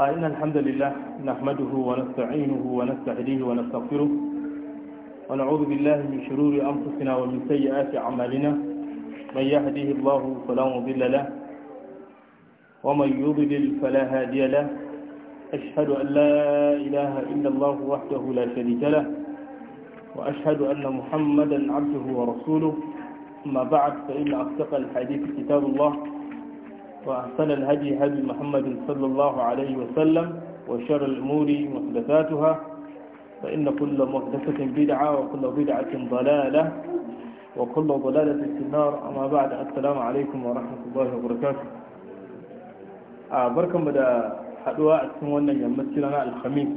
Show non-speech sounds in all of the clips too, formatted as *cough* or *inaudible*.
آه، إن الحمد لله نحمده ونستعينه ونستهديه ونستغفره ونعوذ بالله من شرور أنفسنا ومن سيئات أعمالنا من يهديه الله فلا مضل له ومن يضلل فلا هادي له أشهد أن لا إله إلا الله وحده لا شريك له وأشهد أن محمدا عبده ورسوله أما بعد فإن أصدق الحديث كتاب الله وأحسن الهدي هدي محمد صلى الله عليه وسلم وشر الأمور محدثاتها فإن كل محدثة بدعة وكل بدعة ضلالة وكل ضلالة في النار أما بعد السلام عليكم ورحمة الله وبركاته بركم بدا حدوى أتمنى يمثلنا الخميس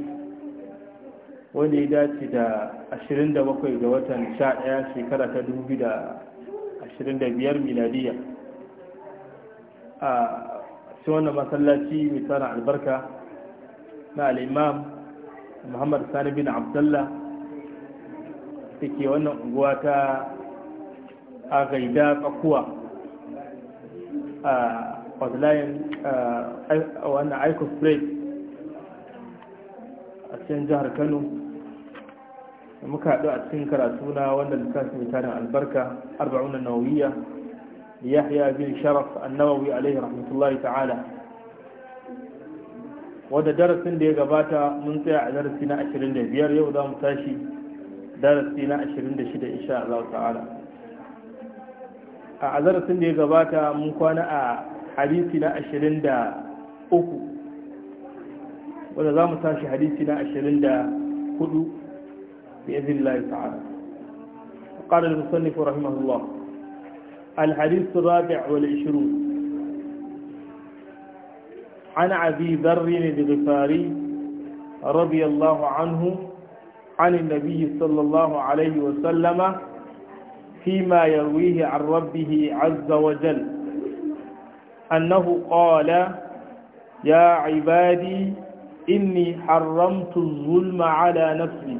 wanda ya dace da 27 ga watan 11 shekara ta 2025 miladiyya a cikin wannan masallaci mai tsara albarka na al'imam muhammad sani bin abdullah da ke wannan unguwa ta a gaida tsakuwa a hotline wannan aiko spray a cikin jihar kano da muka haɗu a cikin karatu na wannan littafi mai tarin albarka arba'una nauyiya يحيى بن شرف النووي عليه رحمة الله تعالى wadda darasin da ya gabata mun tsaya a darasi na 25 yau za mu tashi darasi na 26 insha Allah ta'ala a darasin da ya gabata mun kwana a hadisi na 23 wadda za mu tashi hadisi na 24 bi izin Allah ta'ala قال المصنف رحمه الله الحديث الرابع والعشرون عن عبي ذر الغفاري رضي الله عنه عن النبي صلى الله عليه وسلم فيما يرويه عن ربه عز وجل أنه قال يا عبادي إني حرمت الظلم على نفسي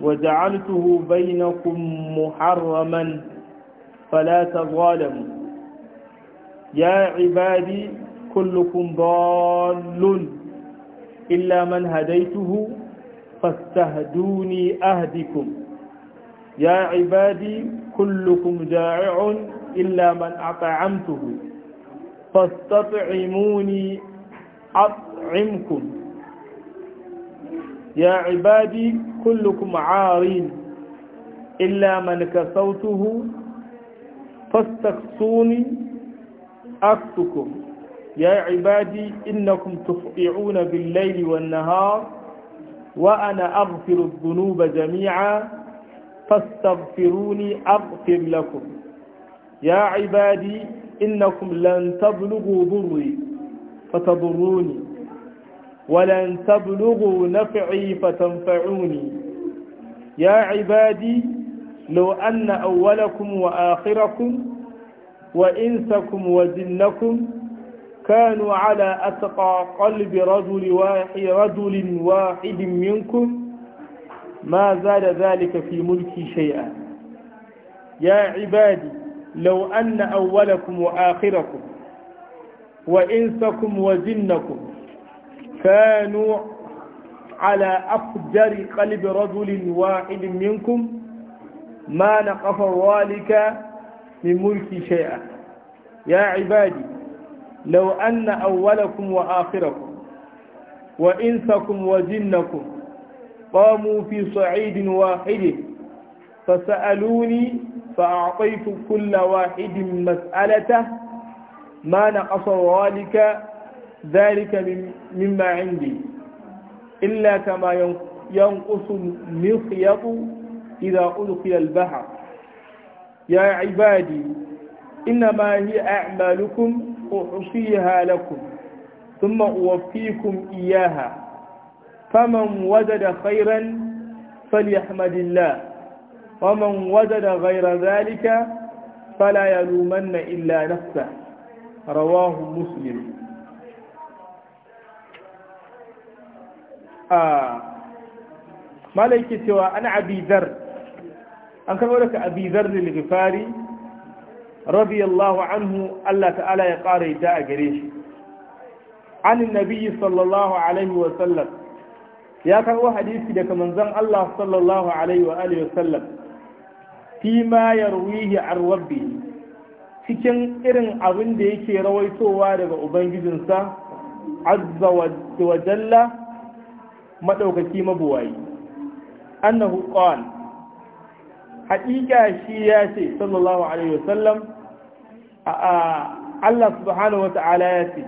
وجعلته بينكم محرما فلا تظالموا يا عبادي كلكم ضال إلا من هديته فاستهدوني أهدكم يا عبادي كلكم جائع إلا من أطعمته فاستطعموني أطعمكم يا عبادي كلكم عار إلا من كسوته فاستقصوني أكتكم يا عبادي إنكم تفقعون بالليل والنهار وأنا أغفر الذنوب جميعا فاستغفروني أغفر لكم يا عبادي إنكم لن تبلغوا ضري فتضروني ولن تبلغوا نفعي فتنفعوني يا عبادي لو أن أولكم وآخركم وإنسكم وجنكم كانوا على أتقى قلب رجل واحد, رجل واحد منكم ما زاد ذلك في ملكي شيئا يا عبادي لو أن أولكم وآخركم وإنسكم وجنكم كانوا على أفجر قلب رجل واحد منكم ما نقف ذلك من ملك شيئا يا عبادي لو أن أولكم وآخركم وإنسكم وجنكم قاموا في صعيد واحد فسألوني فأعطيت كل واحد مسألته ما نقص ذلك ذلك مما عندي إلا كما ينقص المخيط إذا أدخل البحر يا عبادي إنما هي أعمالكم أحصيها لكم ثم أوفيكم إياها فمن وجد خيرا فليحمد الله ومن وجد غير ذلك فلا يلومن إلا نفسه رواه مسلم آه مالك سوى أنا عبي ذر an karbo daga abi zarri lifari radiyallahu anhu Allah ta'ala ya ƙara ta a gare shi an nabiyyi sallallahu alaihi wa sallam ya karbo hadisi daga manzon Allah sallallahu alaihi wa alihi wa sallam fi ma yarwihi an cikin irin abin da yake rawaitowa daga ubangijinsa azza wa jalla madaukaki mabuwayi annahu qala haƙiƙa shi ya ce sallallahu alaihi wasallam Allah subhanahu wata'ala ya ce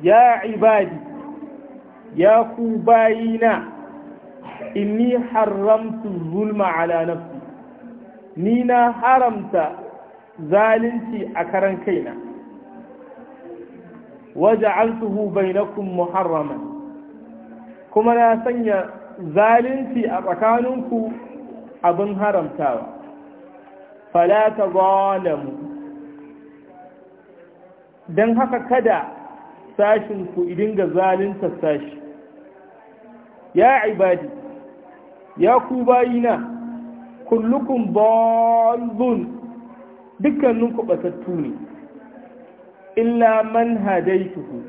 ya ibadi ya ku bayina inni haramtu zulma ala nafsi ni na haramta zalunci a karan kaina bai bainakum muharraman kuma na sanya zalunci a tsakaninku abin haramtawa fala ta zalamu don haka kada sashinku idin ga zalinta sashi ya ibadi ya ku bayina kullukun ballon dukkaninku batattu ne illa man hadaituhu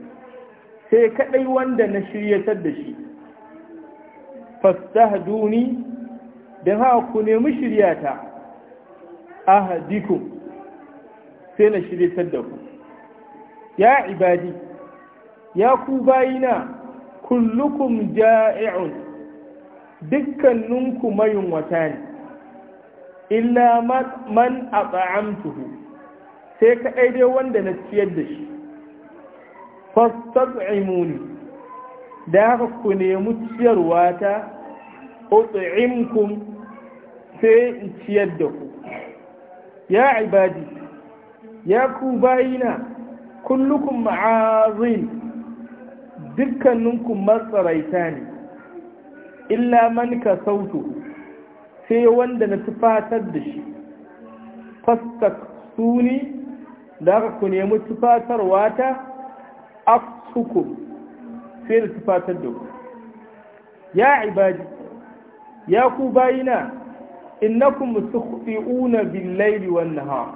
sai kadai wanda na shiryatar da shi fastahduni dan ha ku nemi shiryata ahadikum sai na shiryatar da ku ya ibadi ya ku bayina kullukum ja'i'un dukkaninku wata ne illa man at'amtuhu sai kaɗai dai wanda na ciyar da shi fastaz'imuni da haka ku nemi ciyarwa ta ut'imkum sai in ciyar da ku ya ibadi ya ku bayina Kullukun ma'azin dukkaninku matsaraita ne illa man ka sautu sai wanda na tufatar da shi fastak suni da aka ku nemi tufatarwa ta afsukum sai da tufatar da ku ya ibadi ya ku bayina innakum tukhti'una bil layli wan-nahar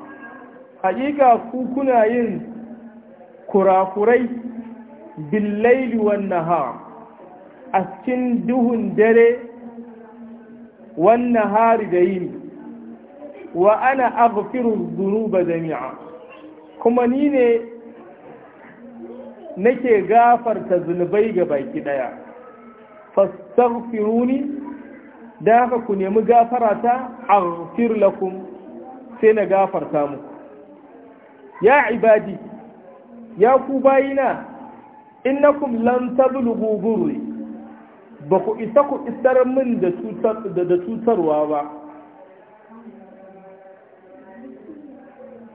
hakika ku kuna yin kurakurai bil layli wan-nahar a duhun dare wan-nahari da yini wa ana aghfiru dhunuba jami'a kuma ni ne nake gafarta zunubai ga baki daya fastaghfiruni da haka ku nemi gafara ta an lakum sai na gafarta mu ya ibadi ya ku bayina innakum lan tablughu burri ba ku isa ku isar min da tutarwa ba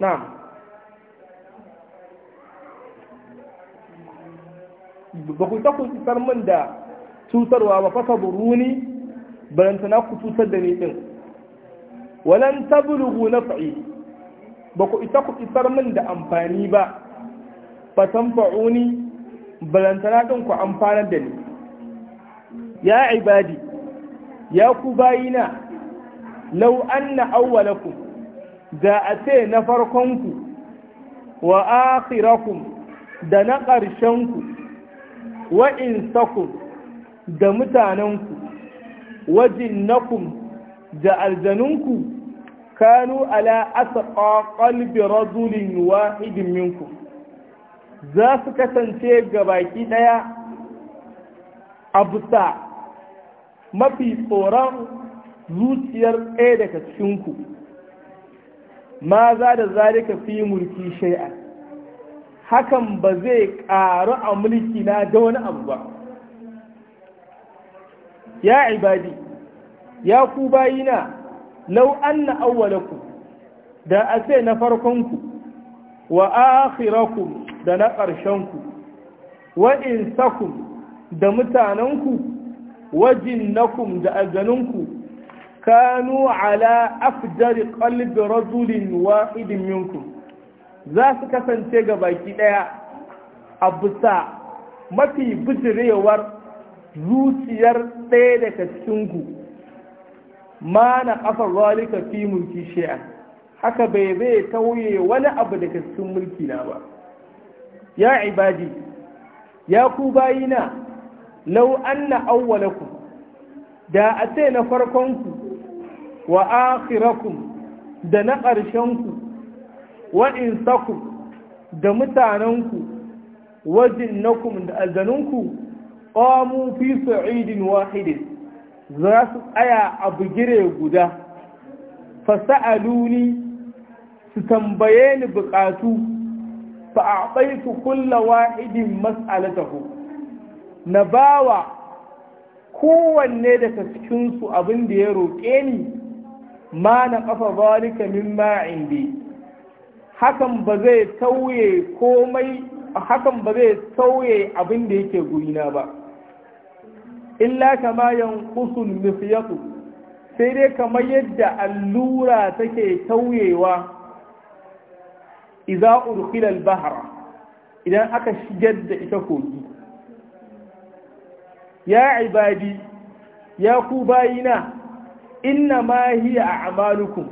na'am ba ku isa ku isar min da cutarwa ba fasa buruni barantana ku cutar da ni din walan tablughu naf'i ba ku isa ku isar min da amfani ba fa tanfa'uni barantana din ku amfana da ni ya ibadi ya ku bayina law anna awwalakum da a ce na farkonku wa akhirakum da na ƙarshenku wa insakum da mutanenku wajinnakum da aljanunku kanu ala asqa qalbi rajulin wahidin minkum za su kasance ga baki daya abusa mafi tsoron zuciyar ɗaya daga cikinku ma za da zalika fi mulki shai'a hakan ba zai ƙaru a mulki na da wani abu ba ya ibadi ya ku bayina lau anna awwalakum da a ce na farkonku wa akhirakum da na ƙarshenku wa da mutanenku wa jinnakum da ku. kanu ala afjari qalbi rajulin wahidin minkum za su kasance ga baki daya a bisa mafi bijirewar zuciyar ɗaya daga cikinku ma na ƙafar zalika fi mulki shi'a haka bai zai tauye wani abu daga cikin mulki na ba ya ibadi ya ku bayina lau na auwalaku da a ce na farkonku wa akhirakum da na ƙarshenku wa insakum da mutanenku wajin jinnakum da azaninku qamu fi sa'idin wahidin za su tsaya a bugire guda fasa'aluni su tambaye ni bukatu fa a'taitu kulla wahidin mas'alatahu na bawa kowanne daga cikin su abin da ya roƙe ni ma na ƙafa zalika mimma indi hakan ba zai tauye komai hakan ba zai sauye abin da yake gurina ba illa kama yan yanqusul misyatu sai dai kamar yadda allura take tauyewa idza urkhila al idan aka shigar da ita kogi ya ibadi ya ku bayina inna ma hiya a'malukum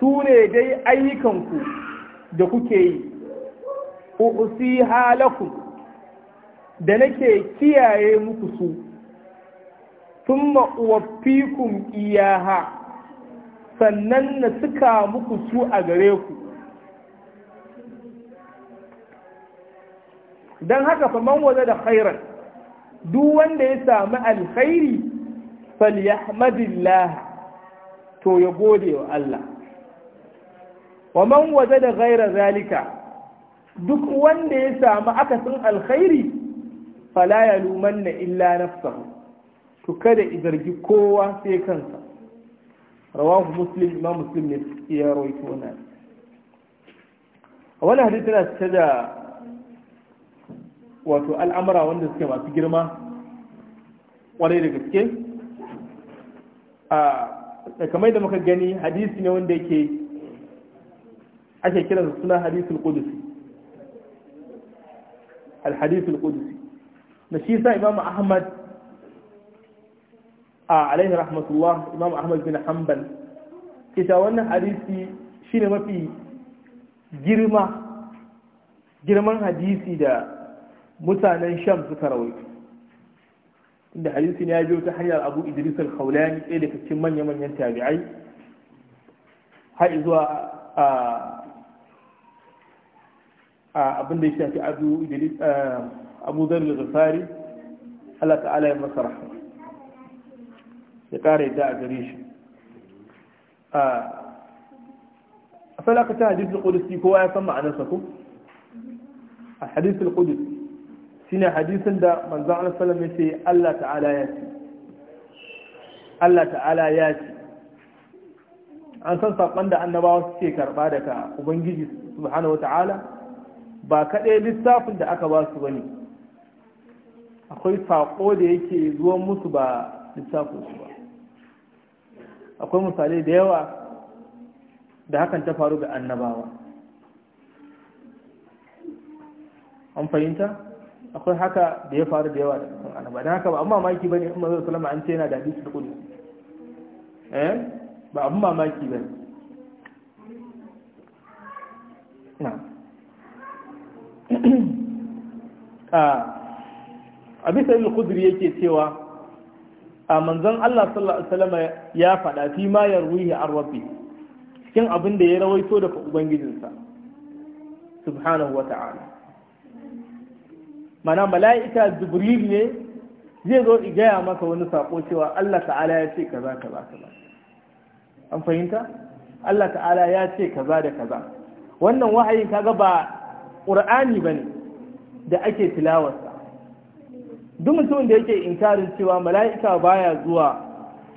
su ne dai ayyukanku da kuke yi usi halakum da nake kiyaye muku su thumma uwaffikum iyaha sannan na suka muku su a gare ku don haka faman waje da khairan duk wanda ya sami alkhairi falyahmadillah to ya gode wa Allah man waje da ghaira zalika duk wanda ya samu akasin alkhairi fala ya lumanna illa nafsa to kada zargi kowa sai kansa rawahu muslim imam muslim ne ya rawaito wannan a wani hadisi tana cike da wato al'amura wanda suke masu girma kware da gaske a kamar da muka gani hadisi ne wanda yake ake kiransa suna hadisul qudusi alhadisul qudusi da shi sa imam ahmad a alaihi rahmatullah imam ahmad bin hanbal ita wannan hadisi shine mafi girma girman hadisi da mutanen sham suka rawaito inda hadisi ne ya biyo ta hanyar abu idris al-khawlani ɗaya daga cikin manya-manyan tabi'ai har zuwa abin da ya shafi abu idris abu zar al-ghifari Allah ta'ala ya masa rahama ya kare da a gare shi a salaka ta hadith kowa ya san ma'anar sa ko a hadith al-qudsi shine hadisin da manzan Allah sallallahu alaihi ya ce Allah ta'ala ya ce Allah ta'ala ya ce an san saƙon da annabawa suke karɓa daga ubangiji subhanahu ta'ala. ba kaɗai lissafin da aka ba su ba ne akwai saƙo da yake zuwan musu ba lissafin su ba akwai misalai da yawa da hakan ta faru da annabawa an fahimta akwai haka da ya faru da yawa da annaba don haka ba amma mamaki ba ne in mazar salama an ce yana da hadisi da kudu eh? ba amma mamaki ba ne *clears throat* a bisa yin kudiri yake cewa a manzon Allah sallallahu ya faɗa fi ma yarwihi an rabbi cikin abin da ya rawaito daga ubangijinsa subhanahu wa ta'ala mana mala'ika jibril ne zai zo gaya maka wani sako cewa Allah ta'ala ya ce kaza kaza kaza an fahimta Allah ta'ala ya ce kaza da kaza wannan wahayin kaga ba ƙur'ani ba ne da ake tilawarsa duk mutumin da yake inkarin cewa mala'ika baya zuwa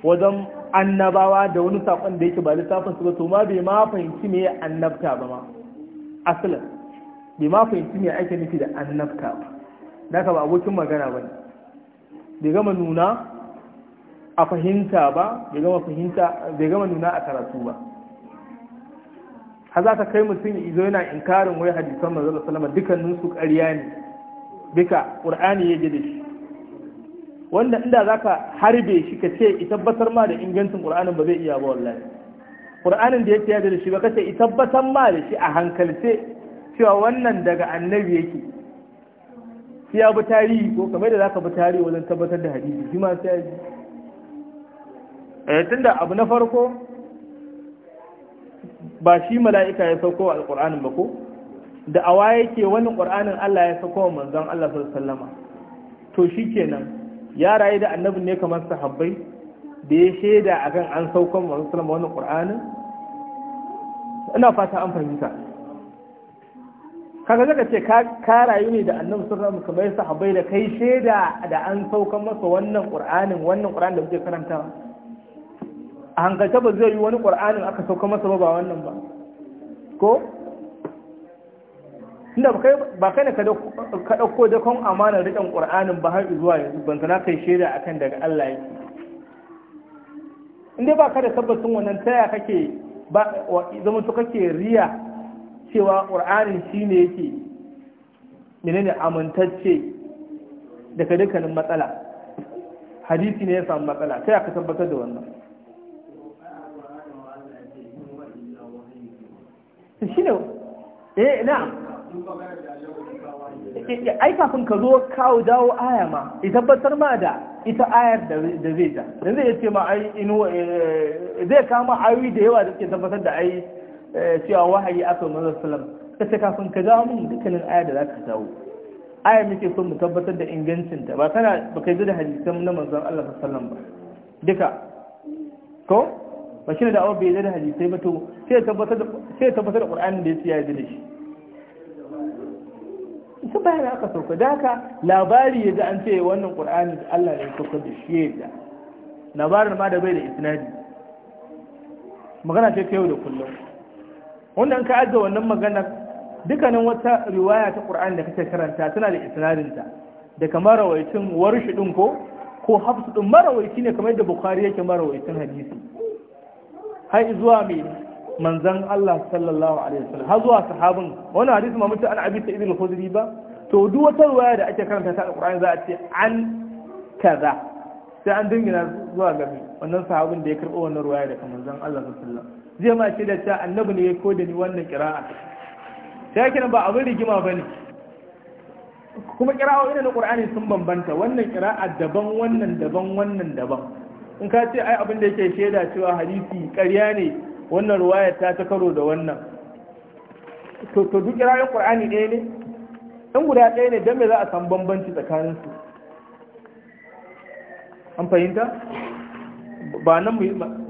wajen annabawa da wani saƙon da yake ba littafinsu ba to ma bai ma fahimci me annabta ba ma asalin bai ma fahimci me ake nufi da annabta ba da ka ba abokin magana ba ne bai gama nuna a fahimta ba bai gama nuna a karatu ba har za ka kai mutum izo yana inkarin wai hadisan manzo sallama dukkanin su ƙarya ne Bika qur'ani ya da shi wanda inda za ka harbe shi ka ce i tabbatar ma da ingancin qur'anin ba zai iya ba wallahi qur'anin da yake yadda da shi ba kace i tabbatar ma da shi a hankalce cewa wannan daga annabi yake siya ya bi tarihi ko kamar da za ka bi tarihi wajen tabbatar da hadisi shi ma sai ya ji eh, tunda abu na farko ba shi mala'ika ya sauko a alƙur'anin ba ko da awa yake wani ƙur'anin Allah ya sauko wa manzon Allah sallama to shi kenan ya rayu da annabi ne kamar sahabbai da ya shaida akan an sauko wa manzon sallama wani ƙur'anin ina fata an fahimta kaga zaka ce ka rayu ne da annabi sallallahu alaihi wasallam kamar sahabbai da kai shaida da an sauko masa wannan ƙur'anin wannan ƙur'anin da muke karantawa a hankalta ba zai yi wani ƙwar'anin aka sauka masa ba wannan ba ko inda ba kai ne ka ɗauko dakon amanar riƙon ƙwar'anin ba har zuwa yanzu ban na kai shaida akan daga Allah yake inda ba ka da tabbacin wannan taya kake zama su kake riya cewa ƙwar'anin shi ne yake menene amintacce daga dukkanin matsala hadisi ne ya samu matsala taya ka tabbatar da wannan shi eh na ai kafin ka zo kawo dawo aya ma tabbatar ma da ita ayar da zai ta da zai ce ma eh, zai kama ayoyi da yawa da ke tabbatar da ai eh, cewa wahayi a aka salam Ka ce kafin ka dawo mun dukkanin ayar da za ka dawo aya muke son mu tabbatar da ingancinta ba kana ba kai da hadisan na manzan Allah sallallahu ba duka ko ba shi ne da awon bezai da hadisai ba to sai tabbatar da ƙur'anin da ya siya da shi su bayan aka sauka da haka labari ya an ce wannan ƙur'anin da Allah ya sauka da shi yadda labarin ma da bai da isnadi magana ce ta yau da kullum wanda ka ajiye wannan magana dukkanin wata riwaya ta ƙur'ani da kake karanta tana da isnadinta da kamar rawaicin warshi ko ko hafsu din marawaiti ne kamar yadda bukhari yake marawaitin hadisi har zuwa mai manzan Allah sallallahu alaihi wasallam har zuwa sahabin wani hadisi ma mutum an abi ta al-khudri ba to duk wata ruwaya da ake karanta ta alqur'ani za a ce an kaza sai an dingina zuwa ga wannan sahabin da ya karbo wannan ruwaya daga manzan Allah sallallahu alaihi wasallam zai ma ce da ta annabi ne ya koda ni wannan qira'a sai kina ba abin rigima bane kuma qira'o'i na qur'ani sun bambanta wannan qira'a daban wannan daban wannan daban in ka ce ai abin da yake shaida cewa hadisi ƙarya ne wannan ruwaya ta ta karo da wannan to to duk ra'ayin qur'ani ɗaya ne in guda ɗaya ne dan me za a san bambanci tsakanin su an fahimta ba nan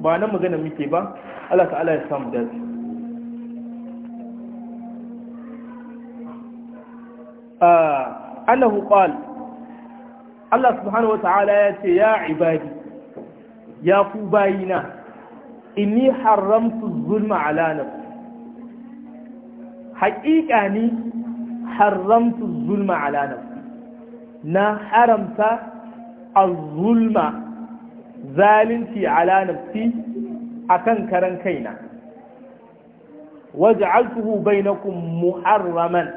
ba nan magana muke ba Allah ta'ala ya samu dace ah annahu qala Allah subhanahu wa ta'ala ya ce ya ibadi ya ku bayina inni haramtu zulma ala nafsi haƙiƙa ni haramtu zulma ala nafsi na haramta az-zulma zalunci ala nafsi kan karan kaina waj'altuhu bainakum muharraman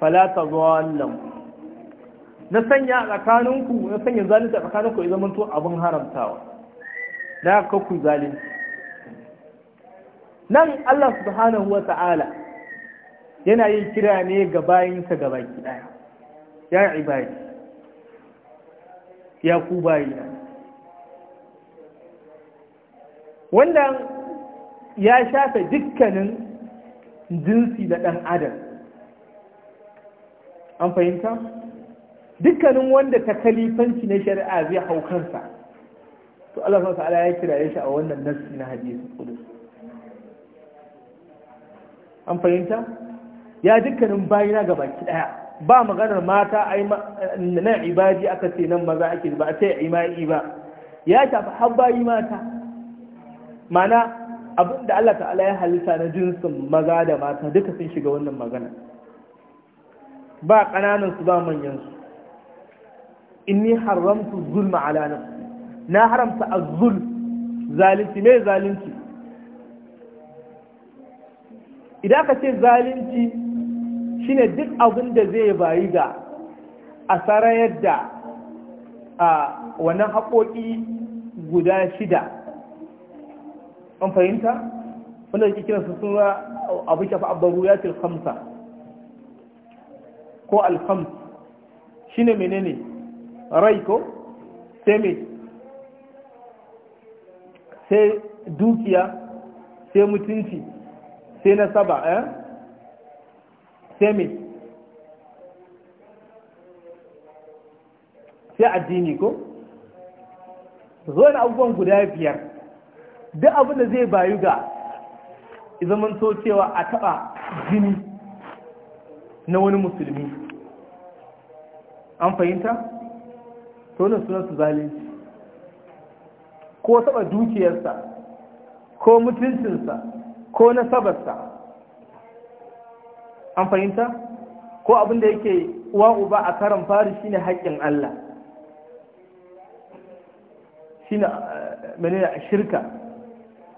fala tadhallam na sanya tsakaninku na sanya zalunci tsakaninku ya zama to abin haramtawa da haka ku zalunci nan Allah subhanahu wa ta'ala yana yin kira ne ga bayinsa ga baki ɗaya ya ibadi ya ku bayina wannan ya shafe dukkanin jinsi da ɗan adam an fahimta dukkanin wanda ta kalifanci na shari'a zai hau kansa to Allah subhanahu ta'ala ya kiraye shi a wannan nassi na hadisi kudus an fahimta ya dukkanin bayina ga baki daya ba maganar mata na ibadi aka ce nan maza ake ba a ce imai ba ya shafi habbayi mata mana abinda Allah ta'ala ya halitta na jinsin maza da mata duka sun shiga wannan magana ba kananan su ba manyan su inni haramtu zulma ala nafsi na haramta Azul zalunci me zalunci idan ka ce zalunci shine duk abin da zai bayi ga a sarayar da a wannan haƙoƙi guda shida an fahimta wanda yake kira sun abu shafa abbaru ya tilhamsa ko alhams shine menene rai ko sai mai sai dukiya sai mutunci sai nasaba eh sai me sai addini ko zo abubuwan guda biyar duk abin da zai bayu ga zaman so cewa a taɓa jini na wani musulmi an fahimta? tonin sunan su zalunci ko saba dukiyarsa ko mutuncinsa ko nasabarsa an fahimta ko abin da yake uwa uba a karan fari shine haƙƙin Allah shine a eh, shirka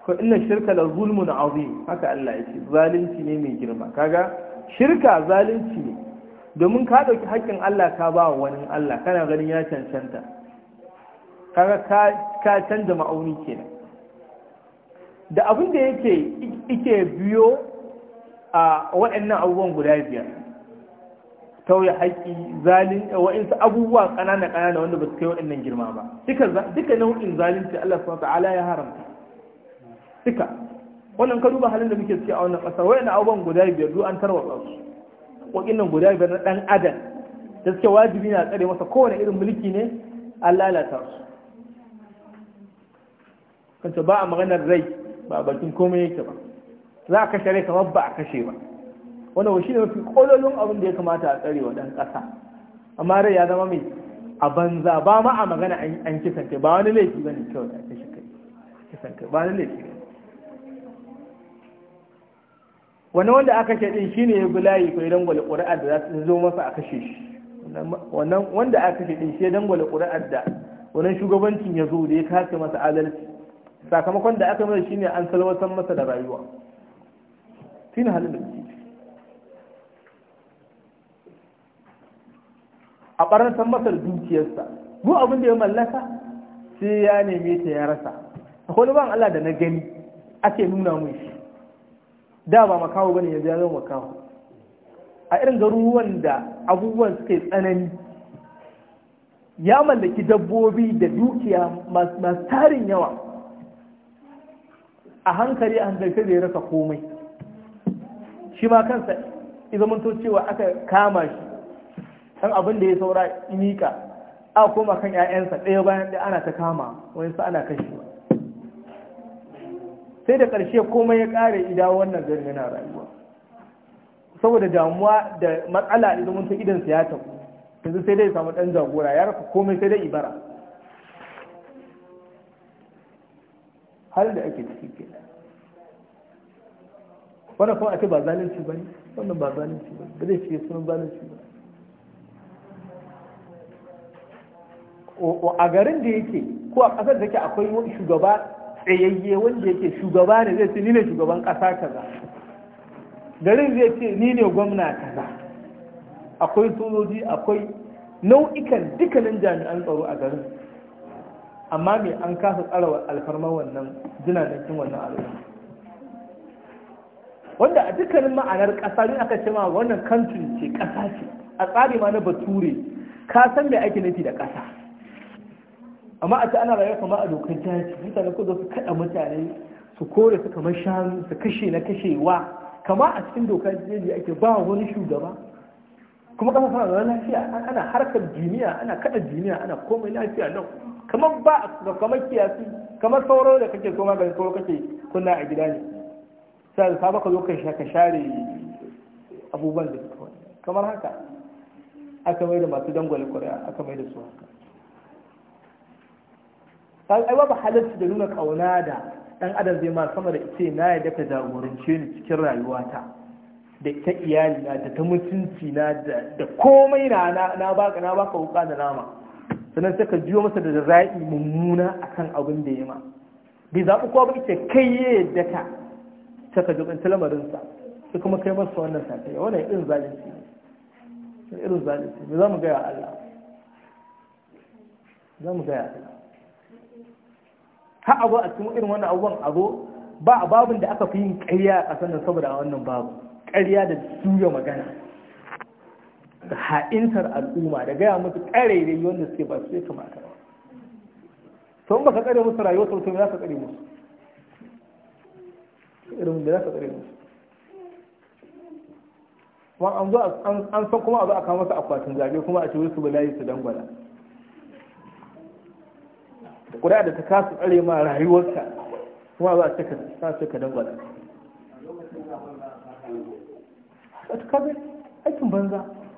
ko inna shirka la zulmun azim haka Allah yake zalunci ne mai girma kaga shirka zalunci ne domin ka ɗauki haƙƙin Allah ka ba wa wani Allah kana ganin ya cancanta kaga ka canza ma'auni kenan da abin da yake ike biyo a waɗannan abubuwan guda biyar tauye haƙƙi zalin wa'insu abubuwa ƙanana ƙanana wanda ba su kai waɗannan girma ba duka nau'in zalunci Allah subhanahu ta'ala ya haramta duka wannan ka duba halin da muke ciki a wannan ƙasar waɗannan abubuwan guda biyar duk an tarwatsa su waɗannan guda biyar na ɗan adam da suke wajibi na tsare masa kowane irin mulki ne an lalata su kanta ba a maganar rai ba bakin komai yake ba za a kashe rai kamar ba a kashe ba wannan shi ne mafi kololin abin da ya kamata a tsare wa ɗan ƙasa amma rai ya zama mai a banza ba ma a magana an kisan kai ba wani laifi ba ne kyau da kashe kai kisan kai ba wani laifi ba wani wanda aka kashe din ne ya bi layi ko idan gwale ƙuri'ar da za su zo masa a kashe shi wannan wanda aka kashe din shi ya dangwale ƙuri'ar da wannan shugabancin ya zo da ya kasa masa adalci sakamakon da aka mai shine an salwatar masa da rayuwa shine halin da muke a san masa da dukiyarsa mu abin da ya mallaka sai ya neme ta ya rasa akwai ban Allah da na gani ake nuna mun shi da ba makawo bane ne ya zama makawo a irin garuruwan da abubuwan suke tsanani ya mallaki dabbobi da dukiya masu tarin yawa a hankali a hankali sai ya rasa komai shi ma kansa izamanto cewa aka kama shi san abin da ya saura mika a koma kan 'ya'yansa ɗaya bayan ɗaya ana ta kama wani sa ana kashi sai da ƙarshe komai ya ƙare idan wannan gari yana rayuwa saboda damuwa da matsala idan idan idansa ya tafi yanzu sai dai samu ɗan jagora ya rasa komai sai dai ibara har da ake ciki ke wannan kuma ake ba zalunci ba ne wannan ba zalunci ba ba zai cike sunan zalunci ba a garin da yake ko a ƙasar da ke akwai wani shugaba tsayayye wanda yake shugaba ne zai ce ni ne shugaban ƙasa kaza garin zai ce ni ne gwamna kaza akwai sojoji akwai nau'ikan dukkanin jami'an tsaro a garin amma mai an kasa tsara alfarmar wannan jinanakin wannan al'umma wanda a dukkanin ma'anar ƙasa ne aka ce ma wannan country ce ƙasa ce a tsari ma na bature ka san mai ake nufi da ƙasa amma a ta ana rayuwa kama a dokar jaji mutane ko su kaɗa mutane su kore su kamar shanu su kashe na kashewa kama a cikin dokar jaji ake ba wani shugaba kuma kasa sana da lafiya ana harkar jiniya ana kaɗa jiniya ana komai lafiya nan kamar ba kamar kiyasi kamar sauro da kake so magani sauro kake kunna a gida ne sai da safa ka zo ka share abubuwan da suka wani kamar haka aka mai da masu dangwale ƙuri'a aka mai da su haka ta ai babu halarci da nuna kauna da dan adam zai ma sama da ce na yadda ka jagorance ni cikin rayuwata da ta iyalina da ta mutunci na da komai na na baka na baka wuka da nama sannan sai ka jiyo masa da ra'i mummuna kan abin da ya ma bai zaɓi kowa ba ce kai ya yadda ka ta ka jubanta lamarinsa sai kuma kai masa wannan sakaya wannan irin zalunci ne irin zalunci ne za mu gaya Allah za mu gaya Allah ha abu a cikin irin wannan abubuwan a zo ba a babin da aka fi yin ƙarya a ƙasar nan saboda a wannan babu ƙarya da juya magana da ha'intar al'umma da gaya musu ƙarairayi wanda suke ba su ya kamata ba sun ba ka ƙare musu rayuwa sau sai za ka ƙare musu irin da za ka ƙare musu kuma an zo an san kuma a zo a kawo masa akwatin zabe kuma a ce su yi su dangwala da kuda da ta kasu ƙare ma rayuwarsa kuma za a cika ta ka dangwala a aikin banza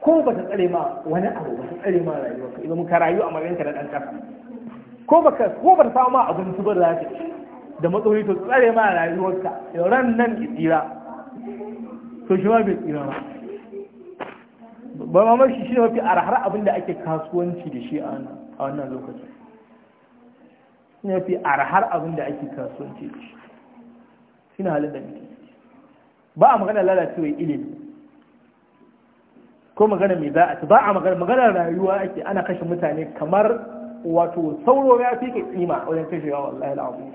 ko ba ta tsare ma wani abu ba ta tsare ma rayuwa idan ka rayu a maganka na ɗan ƙasa ko ba ka ko ba ta samu ma abinci ba za ta da matsaloli to tsare ma rayuwarka ran nan ki tsira to shi ma bai tsira ba ba ma mashi shi ne mafi arhar abin da ake kasuwanci da shi a wannan lokacin shi ne mafi arhar abin da ake kasuwanci da shi shi ne halin da muke ba a magana lalacewa ilimi ko magana mai za a ci ba a magana magana rayuwa ake ana kashe mutane kamar wato sauro ya fi ka tsima wajen kashe kashewa wallahi al'amu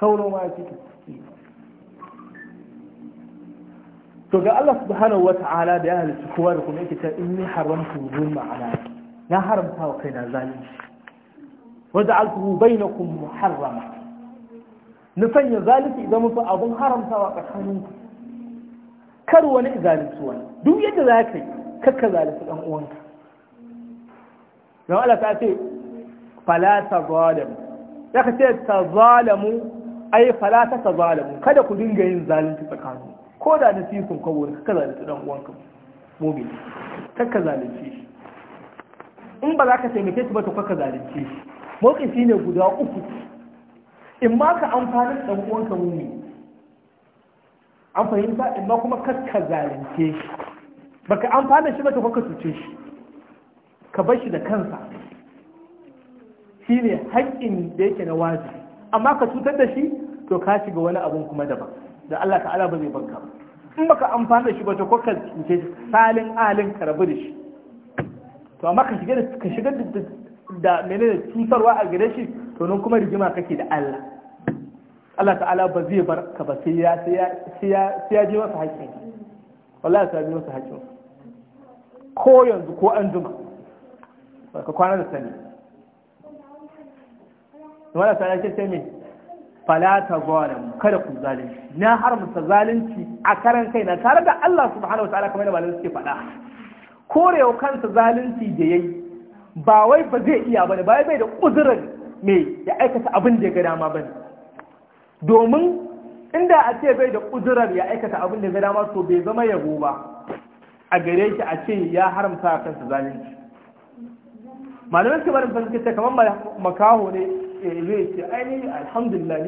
sauro ma ya fi ka tsima to ga Allah subhanahu wata'ala da ya halitta kowa da kuma yake ta in ni haramtu zulma ala na haramta wa kaina zalimi wa ja'altuhu bainakum muharrama nufan sanya zalimi idan mun fa abun wa tsakaninku kar wani zalunci wani duk yadda za ka yi kakka zalunci ɗan uwanka don Allah ta ce fala ta zalamu ya ka ce ta zalamu ai fala ta ta zalamu kada ku dinga yin zalunci tsakanin ko da na sisun kawo kakka zalunci ɗan uwanka mobil kakka zalunci shi in ba za ka taimake shi ba to kakka zalunci shi mawukin shi ne guda uku in ma ka amfanin ɗan uwanka mumin an fahimta amma kuma kakka zalunce shi baka amfana shi ba ta kuka cuce shi ka bar shi da kansa shi ne haƙƙin da yake na waje amma ka cutar da shi to ka shiga wani abun kuma daban da Allah ta'ala ba zai banka ba, in baka amfana shi ba ta kuka cuce shi salin alin ka rabu da shi to amma ka shiga da ka shiga da menene cutarwa a gare shi to nan kuma rigima kake da Allah Allah ta'ala ba zai bar ka ba sai ya ji masa haƙƙi wallahi sai ya ji masa haƙƙi ko yanzu ko an juma ka kwana da sani wala sai ya ce sai me fala ta zalim kada ku zalunci na haramta zalunci a karan kai na tare da Allah subhanahu wataala kamar da malamai suke faɗa korewa kansa zalunci da yayi ba wai ba zai iya bane ba bai da uzurin mai ya aikata abin da ya ga dama bane domin inda a ce bai da ƙudurar ya aikata abin da zai damar to bai zama yabo ba a gare shi a ce ya haramta kansa zalunci malamai su barin fasike ta kamar makaho ne eh, zai ce ainihin alhamdulillah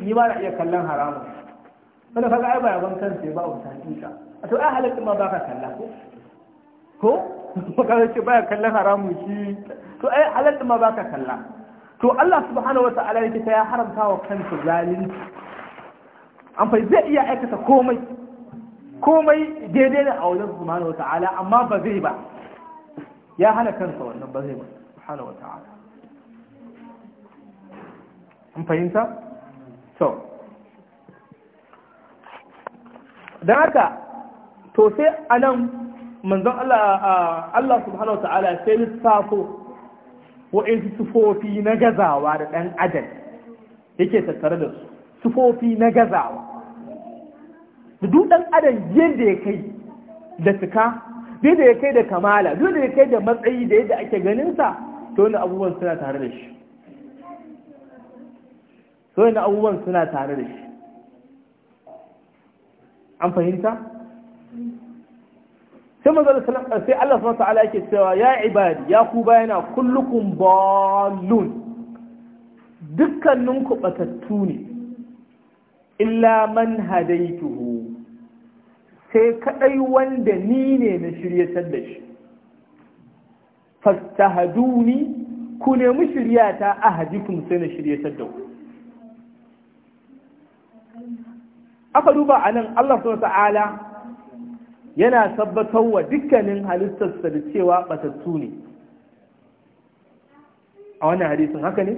ni ba na iya kallon haramun wanda kaga ai ba ban kansa ba a wata hakika a to ai halittu ma ka kalla ko ko ka ce baya kallon haramun shi to ai halittu ma ba ka kalla to Allah subhanahu wa ta'ala yake ta ya haramta wa kansa zalunci an fa zai iya aikata komai komai daidai ne a wajen subhanahu wa ta'ala amma ba zai ba ya hana kansa wannan ba zai ba subhanahu wa ta'ala an fahimta so dan haka to sai anan manzon Allah ah, subhanahu wa ta'ala sai lissafo wa'insu sufofi na gazawa da ɗan adam yake tattare da su sufofi na gazawa da duk ɗan adam yadda ya kai da suka yadda ya kai da kamala yadda ya kai da matsayi da yadda ake ganinsa to wani abubuwan suna tare da shi to yana abubuwan suna tare da shi an fahimta sai manzo sai Allah subhanahu ta'ala yake cewa ya ibadi ya ku bayana kullukum ballun dukkaninku batattu ne illa man hadaituhu sai kadai wanda ni ne na shiryatar da shi fastahaduni ku nemi shiryata ahadikum sai na shiryatar da ku aka duba anan Allah subhanahu ta'ala yana tabbatar wa dukkanin halittarsa da cewa batattu ne a wannan hadisin haka ne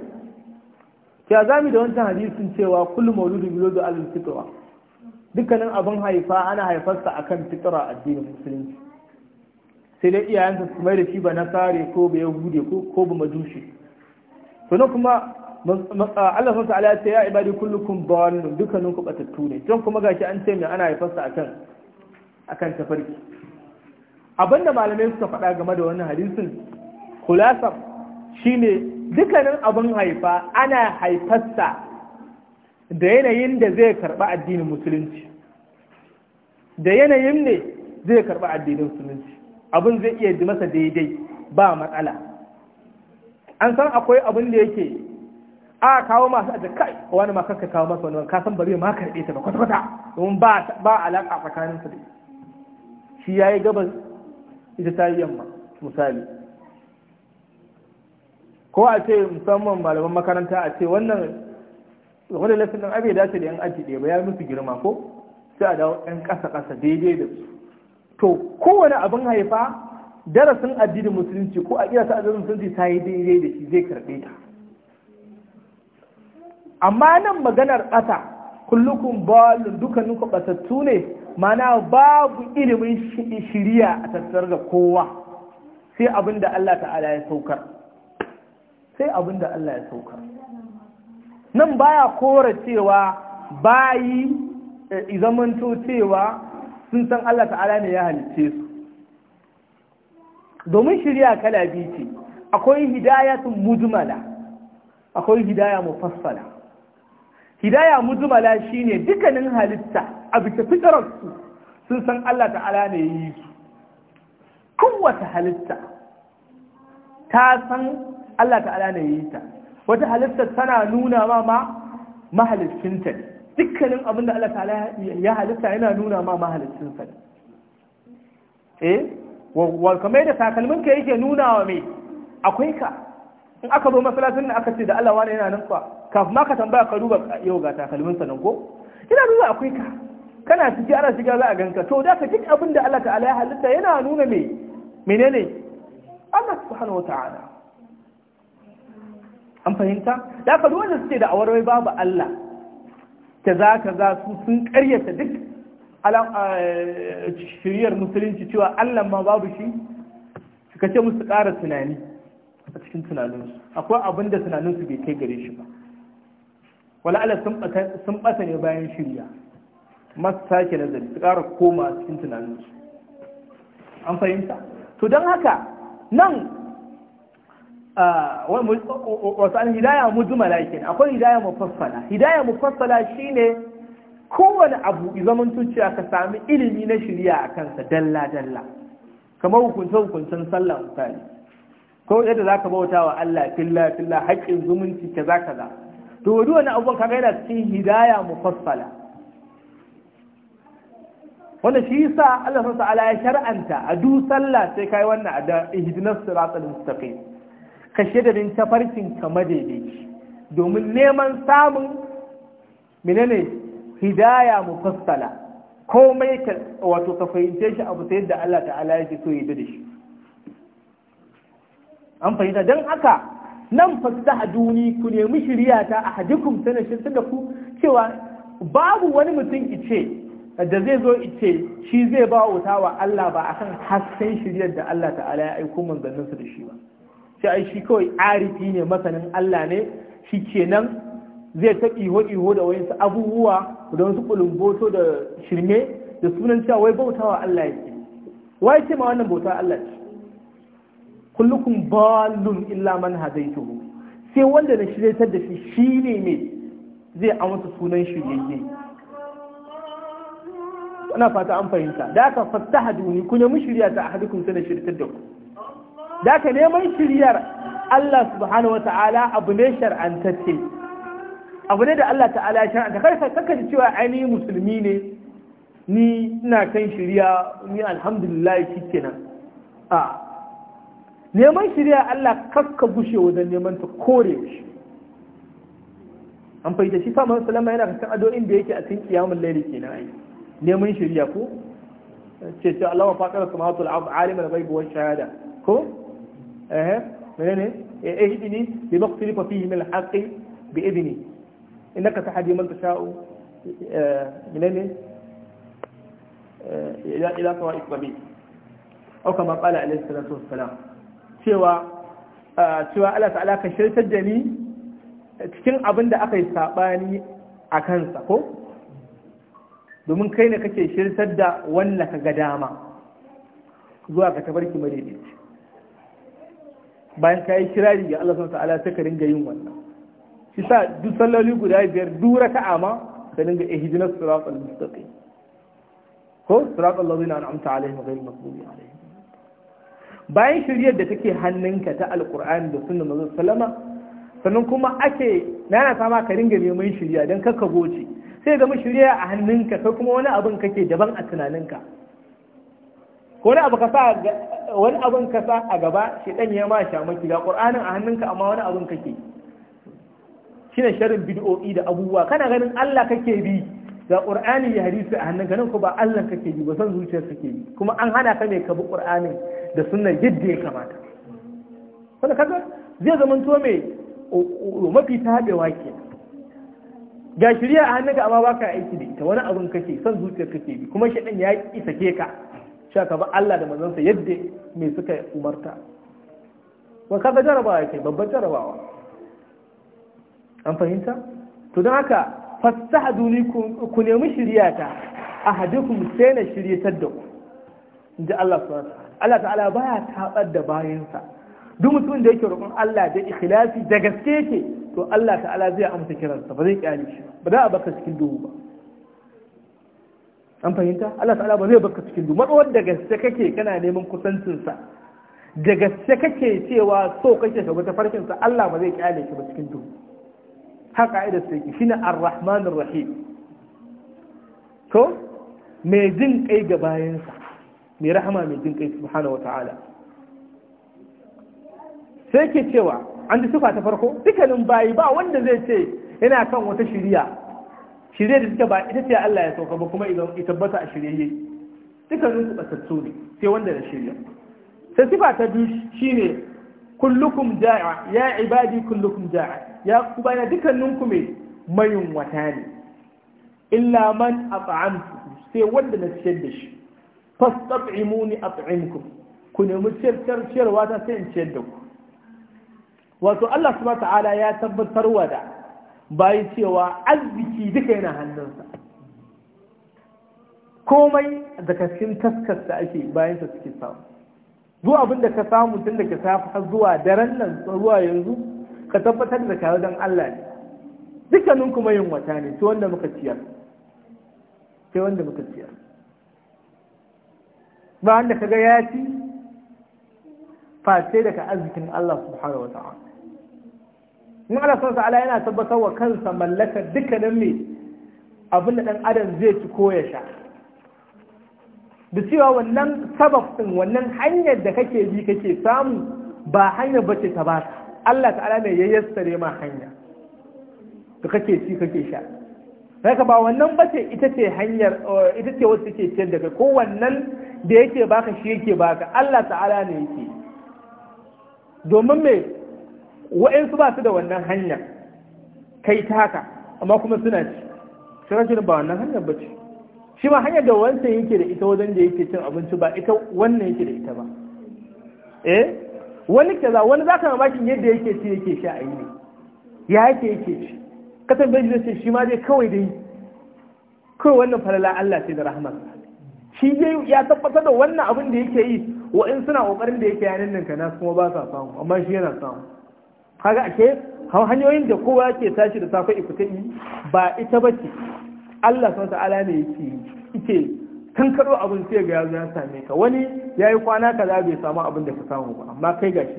ya zami da wancan hadisin cewa kullum mauludin yulo da alin fitowa dukkanin abin haifa ana haifarsa a akan a addinin musulunci sai dai iyayensa su mai da shi ba na sare ko ba hude ko ba majushi sannan kuma Allah sun ta'ala ya ce ya ibadi ba wani dukkanin ku batattu ne don kuma gashi an ce mai ana haifarsa a kan. akan tafarki abinda malamai suka faɗa game da wannan hadisin kulasar shine dukkanin abin haifa ana haifarsa da yanayin da zai karɓa addinin musulunci da yanayin ne zai karɓa addinin musulunci abin zai iya ji masa daidai ba matsala an san akwai abin da yake a kawo masu a kai wani makar ka kawo masa wani ka san bari ma karɓe ta ba kwata-kwata domin ba alaƙa tsakaninsu da ita shi ya yi gabas ita ta yi yamma misali ko a ce musamman malaman makaranta a ce wannan wani nan din abe dace da yan aji ɗaya ba ya musu girma ko sai a dawo yan ƙasa ƙasa daidai da su to kowane abin haifa darasin addinin musulunci ko a sa addinin musulunci ta yi daidai da shi zai karɓe ta amma nan maganar ƙasa kullukun balun dukkanin ku batattu ne mana babu ilimin shiriya a tattar da kowa sai abin da Allah ta'ala ya saukar sai abin da Allah ya saukar nan baya kora cewa bayi eh, izamanto cewa sun san Allah ta'ala ne ya halice su domin shirya kala biyu ce akwai hidayatun mujmala akwai hidaya mufassala hidaya mujmala shine dukkanin halitta a bisa fitararsu sun san Allah ta'ala ne yi su kowace halitta ta san Allah ta'ala ne yi ta wata halitta tana nuna ma ma mahalicinta ne dukkanin abin da Allah ta'ala ya halitta yana nuna ma mahalicinsa ne eh kamar da sakalmin ka yake nuna wa mai akwai ka in aka zo masallacin da aka ce da Allah wani yana nan fa kafin ma tambaya ka duba yau ga takalmin sa nan ko ina duba akwai ka kana ciki ana shiga za a ganka to da ka duk abin da Allah ta'ala ya halitta yana nuna me menene Allah subhanahu wata'ala an fahimta da ka wanda suke da awar wai babu Allah ta za ka za su sun karyata duk shiriyar musulunci cewa Allah ma babu shi suka ce musu ƙara tunani a cikin tunaninsu akwai abin da tunaninsu bai kai gare shi ba wala'ala sun ɓata ne bayan shirya masu sake nazari su ƙara koma cikin tunaninsu an fahimta to don haka nan wasu an hidaya mujmala kenan akwai hidaya fassala hidaya shi ne kowane abu zaman tuciya ka sami ilimi na shirya a kansa dalla dalla kamar hukuncen hukuncen sallah misali ko yadda ka bauta wa Allah filla filla haƙƙin zumunci za ka za to wani wani abubuwan kaga yana cikin hidaya fasfala wanda shi yasa Allah sun ta'ala ya shar'anta a duk sallah sai kai wannan da ihdinas siratal mustaqim ka da bin tafarkin ka madaidaici domin neman samun menene hidaya fasfala komai ka wato ka fahimce shi abu sai da Allah ta'ala ya so ya da shi an fahimta don haka nan duni ku nemi shirya ta ahadukum sanashin da ku cewa babu wani mutum ice da zai zo ice shi zai ba wuta wa Allah ba kan hasken shiriyar da Allah ta'ala ya aiko manzannin su da shi ba sai ai shi kawai arifi ne masanin Allah ne shi kenan zai ta iho iho da wayansu abubuwa da wasu kulumboto da shirme da sunan cewa wai bautawa Allah yake wai ce ma wannan bauta Allah ce kullukum balun illa man hadaituhu sai wanda na shiryatar da shi shine ne zai amsa sunan shi yayye ana fata an fahimta da aka fastaha haduni kun mun shirya ta ahadukum sai na shiryatar da ku da aka neman shiryar Allah subhanahu wata'ala abu ne shar'antacce abu ne da Allah ta'ala ya shar'anta kai sai kaka ji cewa ai musulmi ne ni ina kan shirya ni alhamdulillah shikenan a ah, neman shirya Allah kakka gushe wajen neman ta kore shi an fahimta shi sa manzo sallama yana kan addu'o'in da yake a cikin kiyamul layli kenan ai neman shirya ko ce ce Allah wa faqara samawati wal ard alim al ghaib wash shahada ko eh menene eh idini bi maqtilifa fihi min al haqqi bi idni innaka tahdi man tasha'u menene ila ila sawa'i sabi أو كما قال عليه الصلاة والسلام cewa cewa Allah ta'ala ka shirtar da ni cikin abin da aka yi saɓani a kansa ko domin kai ne kake shirtar da wannan ka ga dama zuwa ka tabarki madaidaici bayan ka yi kirari ga Allah ta'ala sai ka ringa yin wannan shi sa duk salloli guda biyar dura ka ma ka ringa ihdinas siratal mustaqim ko siratal ladina an'amta alaihim ghayril maghdubi alaihim bayan shiryar da take hannunka ta alkur'ani da sunan manzon sallama sannan kuma ake nana sama ka ringa neman shirya don kakka goce sai zama shirya a hannunka kai kuma wani abin kake daban a tunaninka ko wani abu ka sa wani abin ka sa a gaba shi dan ya ma sha shamaki ga qur'anin a hannunka amma wani abin kake shine sharrin bid'o'i da abubuwa kana ganin Allah kake bi ga qur'ani ya hadisi a hannunka nan ko ba Allah kake bi ba san zuciyar kake bi kuma an hana ka ne ka bi qur'anin da sunan yadda ya kamata wanda kaga zai zama to mai mafi taɓewa ke ga shirya a hannunka amma baka aiki da ita wani abin kake son zuciyar kake bi kuma shaɗan ya isa ke ka sha ka ba Allah da manzansa yadda mai suka umarta wa ga jarabawa ke babban jarabawa an fahimta to don haka fasaha duni ku nemi shirya ta ahadukum sai na ta da ku in ji Allah wata Allah ta'ala baya tabar da bayansa duk mutumin da yake roƙon Allah da ikhlasi da gaske yake to Allah ta'ala zai amsa kiransa ba zai kyale shi ba za a baka cikin duhu ba an fahimta Allah ta'ala ba zai baka cikin duhu matsawar da gaske kake kana neman kusancinsa da gaske kake cewa so kake ka ta sa Allah ba zai kyale shi ba cikin duhu haka ka'ida sai ki shine ar-rahmanir rahim to mai jin kai ga bayansa mai rahama mai jin kai subhanahu wata'ala sai ke cewa an ji sufa ta farko dukkanin bayi ba wanda zai ce yana kan wata shirya. shirya da suka ba ita ce Allah ya sauka ba kuma idan ita bata a shirye dukkanin su basattu ne sai wanda da shirya sai sifa ta biyu shine kullukum da'a ya ibadi kullukum da'a ya kuma na dukkaninku mai mayun wata ne illa man at'amtu sai wanda na ciyar da shi fastat'imuni at'imkum ku nemi ciyar ciyarwa ta sai in ciyar da ku wato Allah subhanahu ta'ala ya tabbatar wa da bai cewa arziki duka yana hannunsa komai daga cikin taskar da ake bayan ta suke samu zuwa abin da ka samu tun daga safi har zuwa daren nan zuwa yanzu ka tabbatar da kare don Allah ne dukkanin kuma yin wata ne sai wanda muka ciyar sai wanda muka ciyar ba wanda kaga ya ci face daga arzikin Allah subhanahu wa ta'ala mun Allah subhanahu ta'ala yana tabbatar wa kansa mallaka dukkanin me abin da dan adam zai ci ko ya sha da cewa wannan sabab din wannan hanyar da kake bi kake samu ba hanyar bace ta ba Allah ta'ala ne ya yassare ma hanya da kake ci kake sha ka ba wannan bace ita ce hanyar ita ce wacce take ciyar da kai ko wannan da yake baka shi yake baka Allah ta'ala ne yake domin me wa'ansu ba su da wannan hanya kai ta haka amma kuma suna ci shi rashin ba wannan hanyar ba ce shi ma hanyar da wancan yake da ita wajen da yake cin abinci ba ita wannan yake da ita ba eh wani kaza wani zaka mamakin yadda yake ci yake sha a yi ne ya yake yake ci kasan bai zai ce shi ma dai kawai dai kawai wannan falala Allah sai da rahmansa shi ya tabbatar da wannan abin da yake yi wa in suna kokarin da yake yanin nan kana kuma ba sa samu amma shi yana samu kaga ake hanyoyin da kowa yake tashi da safai fita yi ba ita ba ce Allah sun ta'ala ne yake yake kankaro abin sai ga yazo ya same ka wani yayi kwana kaza bai samu abin da ka samu ba amma kai gashi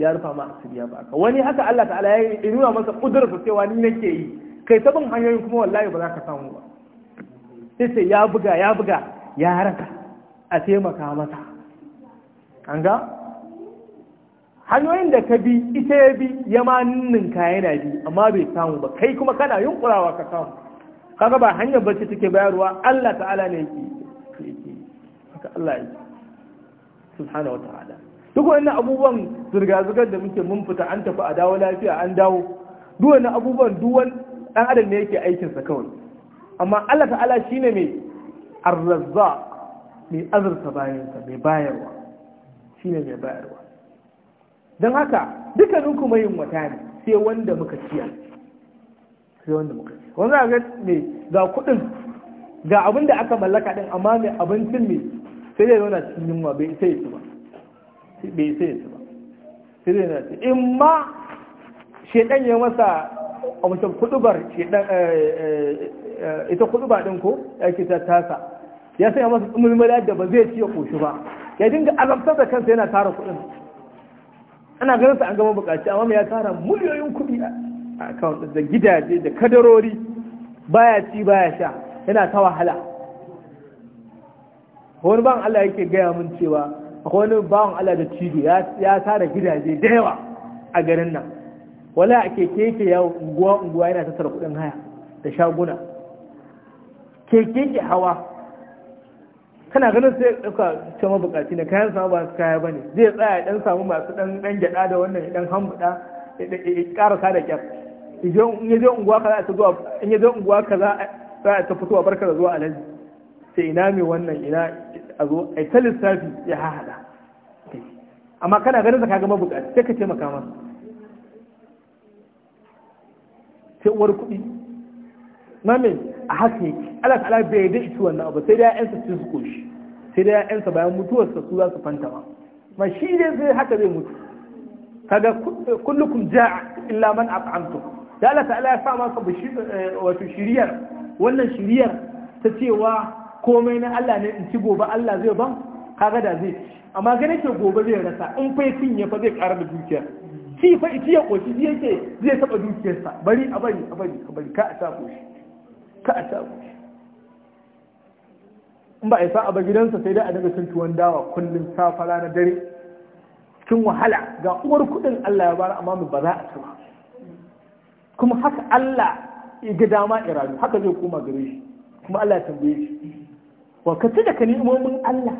ya rufa ma asiriya ba ka wani haka Allah ta'ala ya nuna masa kudurta cewa ni nake yi kai ta bin hanyoyin kuma wallahi ba za ka samu ba sai ya buga ya buga ya a taimaka masa an hanyoyin da ka bi ita ya bi ya ma ninka yana bi amma bai samu ba kai kuma kana yin yunkurawa ka samu kaga ba hanyar bacci take bayarwa Allah ta'ala ne yake yake haka Allah yake subhanahu wata'ala duk wannan abubuwan zirga-zirgar da muke mun fita an tafi a dawo lafiya an dawo duk wannan abubuwan duk wani dan adam ne yake aikinsa kawai amma Allah ta'ala shine mai arrazza mai azurta bayansa mai bayarwa shi ne mai bayarwa don haka dukkanin kuma yin wata ne sai wanda muka ciya sai wanda muka ciya wanda a mai ga kudin ga abin da aka mallaka din amma mai abincin mai sai dai zauna cikin yunwa bai sai su ba bai sai su ba sai dai zauna cikin in ma shedan ya masa a mutum kudubar shedan Eh, ita kudu ba ɗin ko ya ke ta tasa ya sanya masa tsumulmula da ba zai ciye koshi ba ya dinga azabtar da kansa yana tara kuɗin ana ganin sa an gama bukaci amma ya tara miliyoyin kuɗi a account da gidaje da kadarori baya ci baya sha yana ta wahala wani ban Allah yake gaya mun cewa akwai wani bawan Allah da cibi ya tara gidaje da yawa a garin nan wala a keke yake yawo unguwa unguwa yana tattara kuɗin haya da shaguna keke ke hawa kana ganin sai ɗauka ta mabukaci na kayan samu ba su kaya ba ne zai tsaya ɗan samu masu ɗan ɗan gyaɗa da wannan ɗan hambuɗa ya ƙarasa da ƙyar in ya je unguwa kaza ta zuwa in ya unguwa za a ta fitowa barka da zuwa alhaji sai ina mai wannan ina a zo a ta lissafi ya haɗa amma kana ganin sa kaga mabukaci sai ka taimaka masa sai uwar kuɗi mamin a haka ala Allah ta'ala bai da shi wannan abu sai da ƴaƴansa su su koshi sai da yansa bayan mutuwarsa su za su fantama ma shi ne zai haka zai mutu kaga kullukum ja'a illa man at'amtum da Allah ta'ala ya sa masa eh, wato shiriyar wannan shiriyar ta cewa komai na Allah ne in ci gobe Allah zai ban kaga da zai ci amma ga nake gobe zai rasa in fa cinye fa zai ƙara da dukiyar ci fa ya koshi yake zai taɓa dukiyarsa bari a bari a bari a bari ka a sa koshi ka a shi in ba a yi sa'a ba gidansa sai dai a daga sun tuwon dawa kullum safara na dare cikin wahala ga uwar kuɗin Allah ya bara amma ba za a ci ba kuma haka Allah ya ga dama iradu haka zai koma gare shi kuma Allah ya tambaye shi wa ka ci daga ni'imomin Allah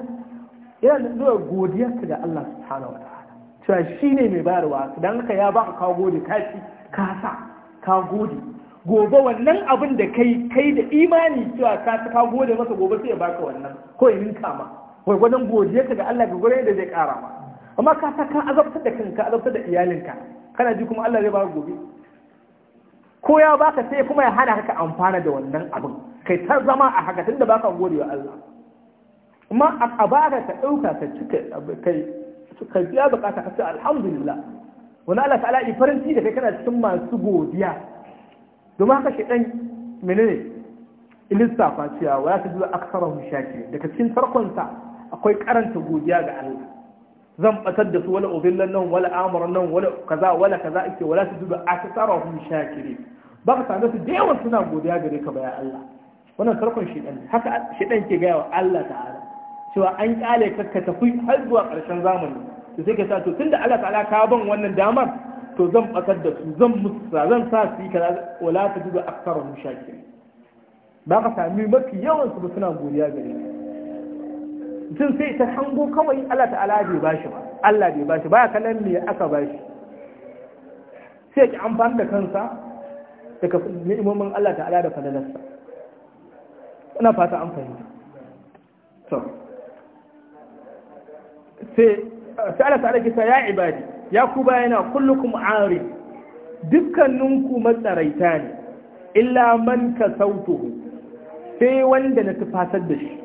yana zuwa godiyarka ga Allah subhanahu wataala cewa shi ne mai bayarwa dan haka ya ba ka gode ka ci ka sa ka gode gobe wannan abin da kai kai da imani cewa ka ta gode masa gobe sai ya baka wannan ko ya ninka ma wai wannan godiya ka ga Allah ga gurin da zai kara ma amma ka ta kan azabtar da kanka azabtar da iyalinka kana ji kuma Allah zai baka gobe ko ya baka sai kuma ya hana ka amfana da wannan abin kai ta zama a haka tunda baka gode wa Allah amma a baka ta dauka ta cika kai ka biya bukata ka ce alhamdulillah wani Allah ta'ala farin ciki da kai kana cikin masu godiya domin haka shi ɗan menene ilistafa cewa wa ta zuwa aksarahum shakir daga cikin farkonsa akwai karanta godiya ga Allah zan batar da su wala ubillan nan wala amuran nan wala kaza wala kaza ake wala ta zuwa aksarahum shakir ba ka same su da yawan suna godiya gare ka ba ya Allah wannan farkon shi ɗan haka shi ɗan ke gaya wa Allah ta'ala cewa an kyale ka ka tafi har zuwa ƙarshen zamani to sai ka sa to tunda Allah ta'ala ka ban wannan damar to zan batar da su zan musa zan sa su yi kaza wala ta duba aksara mu shakir ba ka sami mafi yawan su suna godiya gare ni mutum sai ta hango kawai Allah ta'ala bai bashi ba Allah bai bashi baya kallon me aka bashi sai ki amfani da kansa daga ni'imomin Allah ta'ala da fadalarsa ina fata an fahimta to sai sai Allah ta'ala ki ya ibadi ya ku bayana kullukum ari dukkaninku matsaraita ne illa man ka sautu sai wanda na tufatar da shi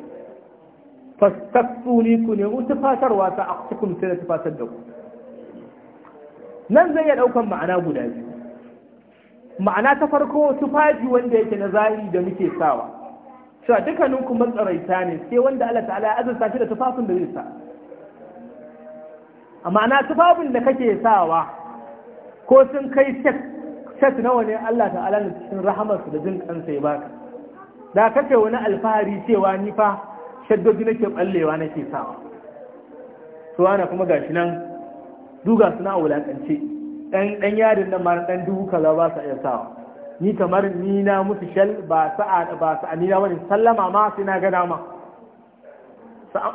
fastaksuni ku ne mun tufatarwa ta aktukun sai na tufatar da ku nan zai ya daukan ma'ana guda biyu ma'ana ta farko su tufaji wanda yake na zahiri da muke sawa cewa dukkaninku matsaraita ne sai wanda Allah ta'ala ya azurta shi da tufafin da zai sa ma'ana tufafin da kake sawa ko sun kai shat nawa ne Allah ta'ala da cikin rahamarsu da jin kansa ya baka da kake wani alfahari cewa ni fa shaddoji nake ballewa nake sawa to ana kuma gashi nan duga suna a wulakance dan dan yarin nan ma dan dubu kaza ba sa iya sawa ni kamar ni na musu shal ba sa'a ba sa'a ni na wani sallama ma sai na ga dama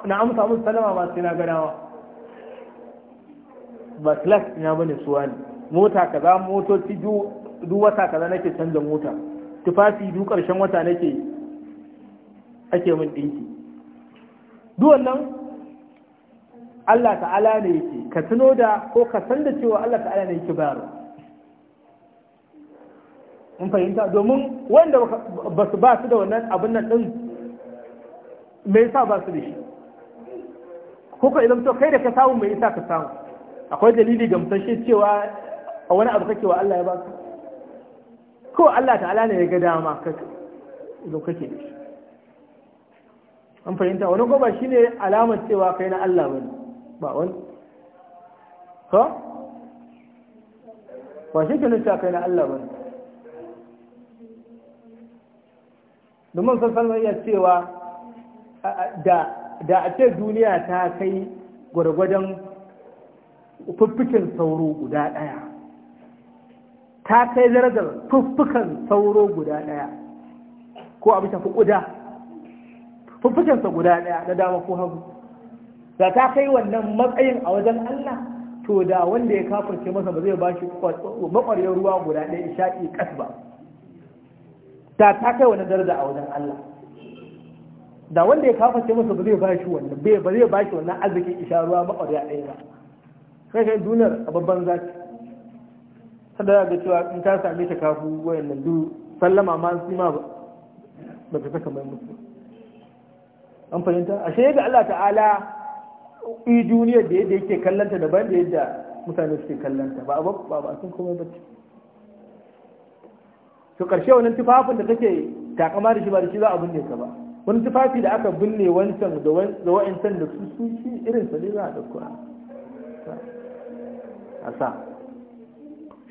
na amsa musu sallama ma sai na ga dama ba class ina bane suwa ne mota kaza motoci duk wata kaza nake canza mota tufafi duk ƙarshen wata nake ake min ɗinki duk wannan Allah ta'ala ne yake ka tuno da ko ka san da cewa Allah ta'ala ne yake bayarwa mun fahimta domin wanda ba su ba su da wannan abin nan din me yasa ba su da shi ko ka idan to kai da ka samu me yasa ka samu akwai dalili gamsashe cewa a wani abu kake wa Allah ya baka ko Allah ta'ala ne ya ga dama ka zo kake da shi an fahimta wani ko ba shine alamar cewa kai na Allah bane ba wani ko ba shi kenan cewa kai na Allah bane domin sassan mai iya cewa da a ce duniya ta kai gwargwadon Fuffukin sauro guda ɗaya ta kai darajar fuffukan sauro guda ɗaya ko abu shafi ƙuda fuffukensa guda ɗaya na dama ko hagu da ta kai wannan matsayin a wajen Allah to da wanda ya kafarce masa ba zai ba shi makwariyar ruwa guda ɗaya shaƙi ƙas ba da ta kai wannan daraja a wajen Allah da wanda ya kafarce masa ba zai ba shi wannan ba zai ba shi wannan arzikin isha ruwa makwariya ɗaya ba kai kai duniyar a babban zaki sada da cewa in ta same ta kafu wayan nan duk sallama ma su ma ba ta saka mai musu an fahimta ashe yadda Allah ta'ala i duniyar da yadda yake kallanta daban da yadda mutane suke kallanta ba ba ba sun komai ba to karshe wani tufafin da take takama da shi ba da shi za a binne ka ba wani tufafi da aka binne wancan da wa'ancan da su su shi irin sa ne za a dauko asa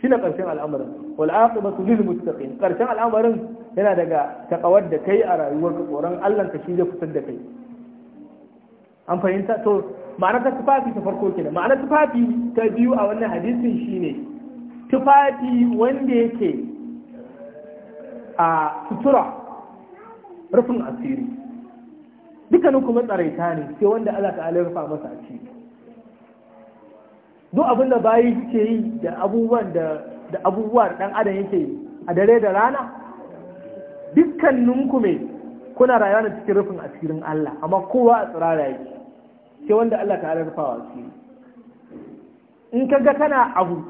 shi na ƙarshen al'amarin wal aqibatu lil muttaqin ƙarshen al'amarin yana daga takawar da kai a rayuwar ka tsoron Allah ka shi zai fitar da kai an fahimta to ma'anar ta tufafi ta farko kenan ma'anar tufafi ta biyu a wannan hadisin shine tufafi wanda yake a sutura rufin asiri dukkanin kuma tsaraita ne sai wanda Allah ta'ala ya rufa masa asiri duk abin da bayi suke yi da abubuwan da da abubuwan dan adam yake a dare da rana dukkaninku me kuna rayuwa na cikin rufin asirin Allah amma kowa a tsirara yake ke wanda Allah ta rufa wa asiri in ka ga kana abu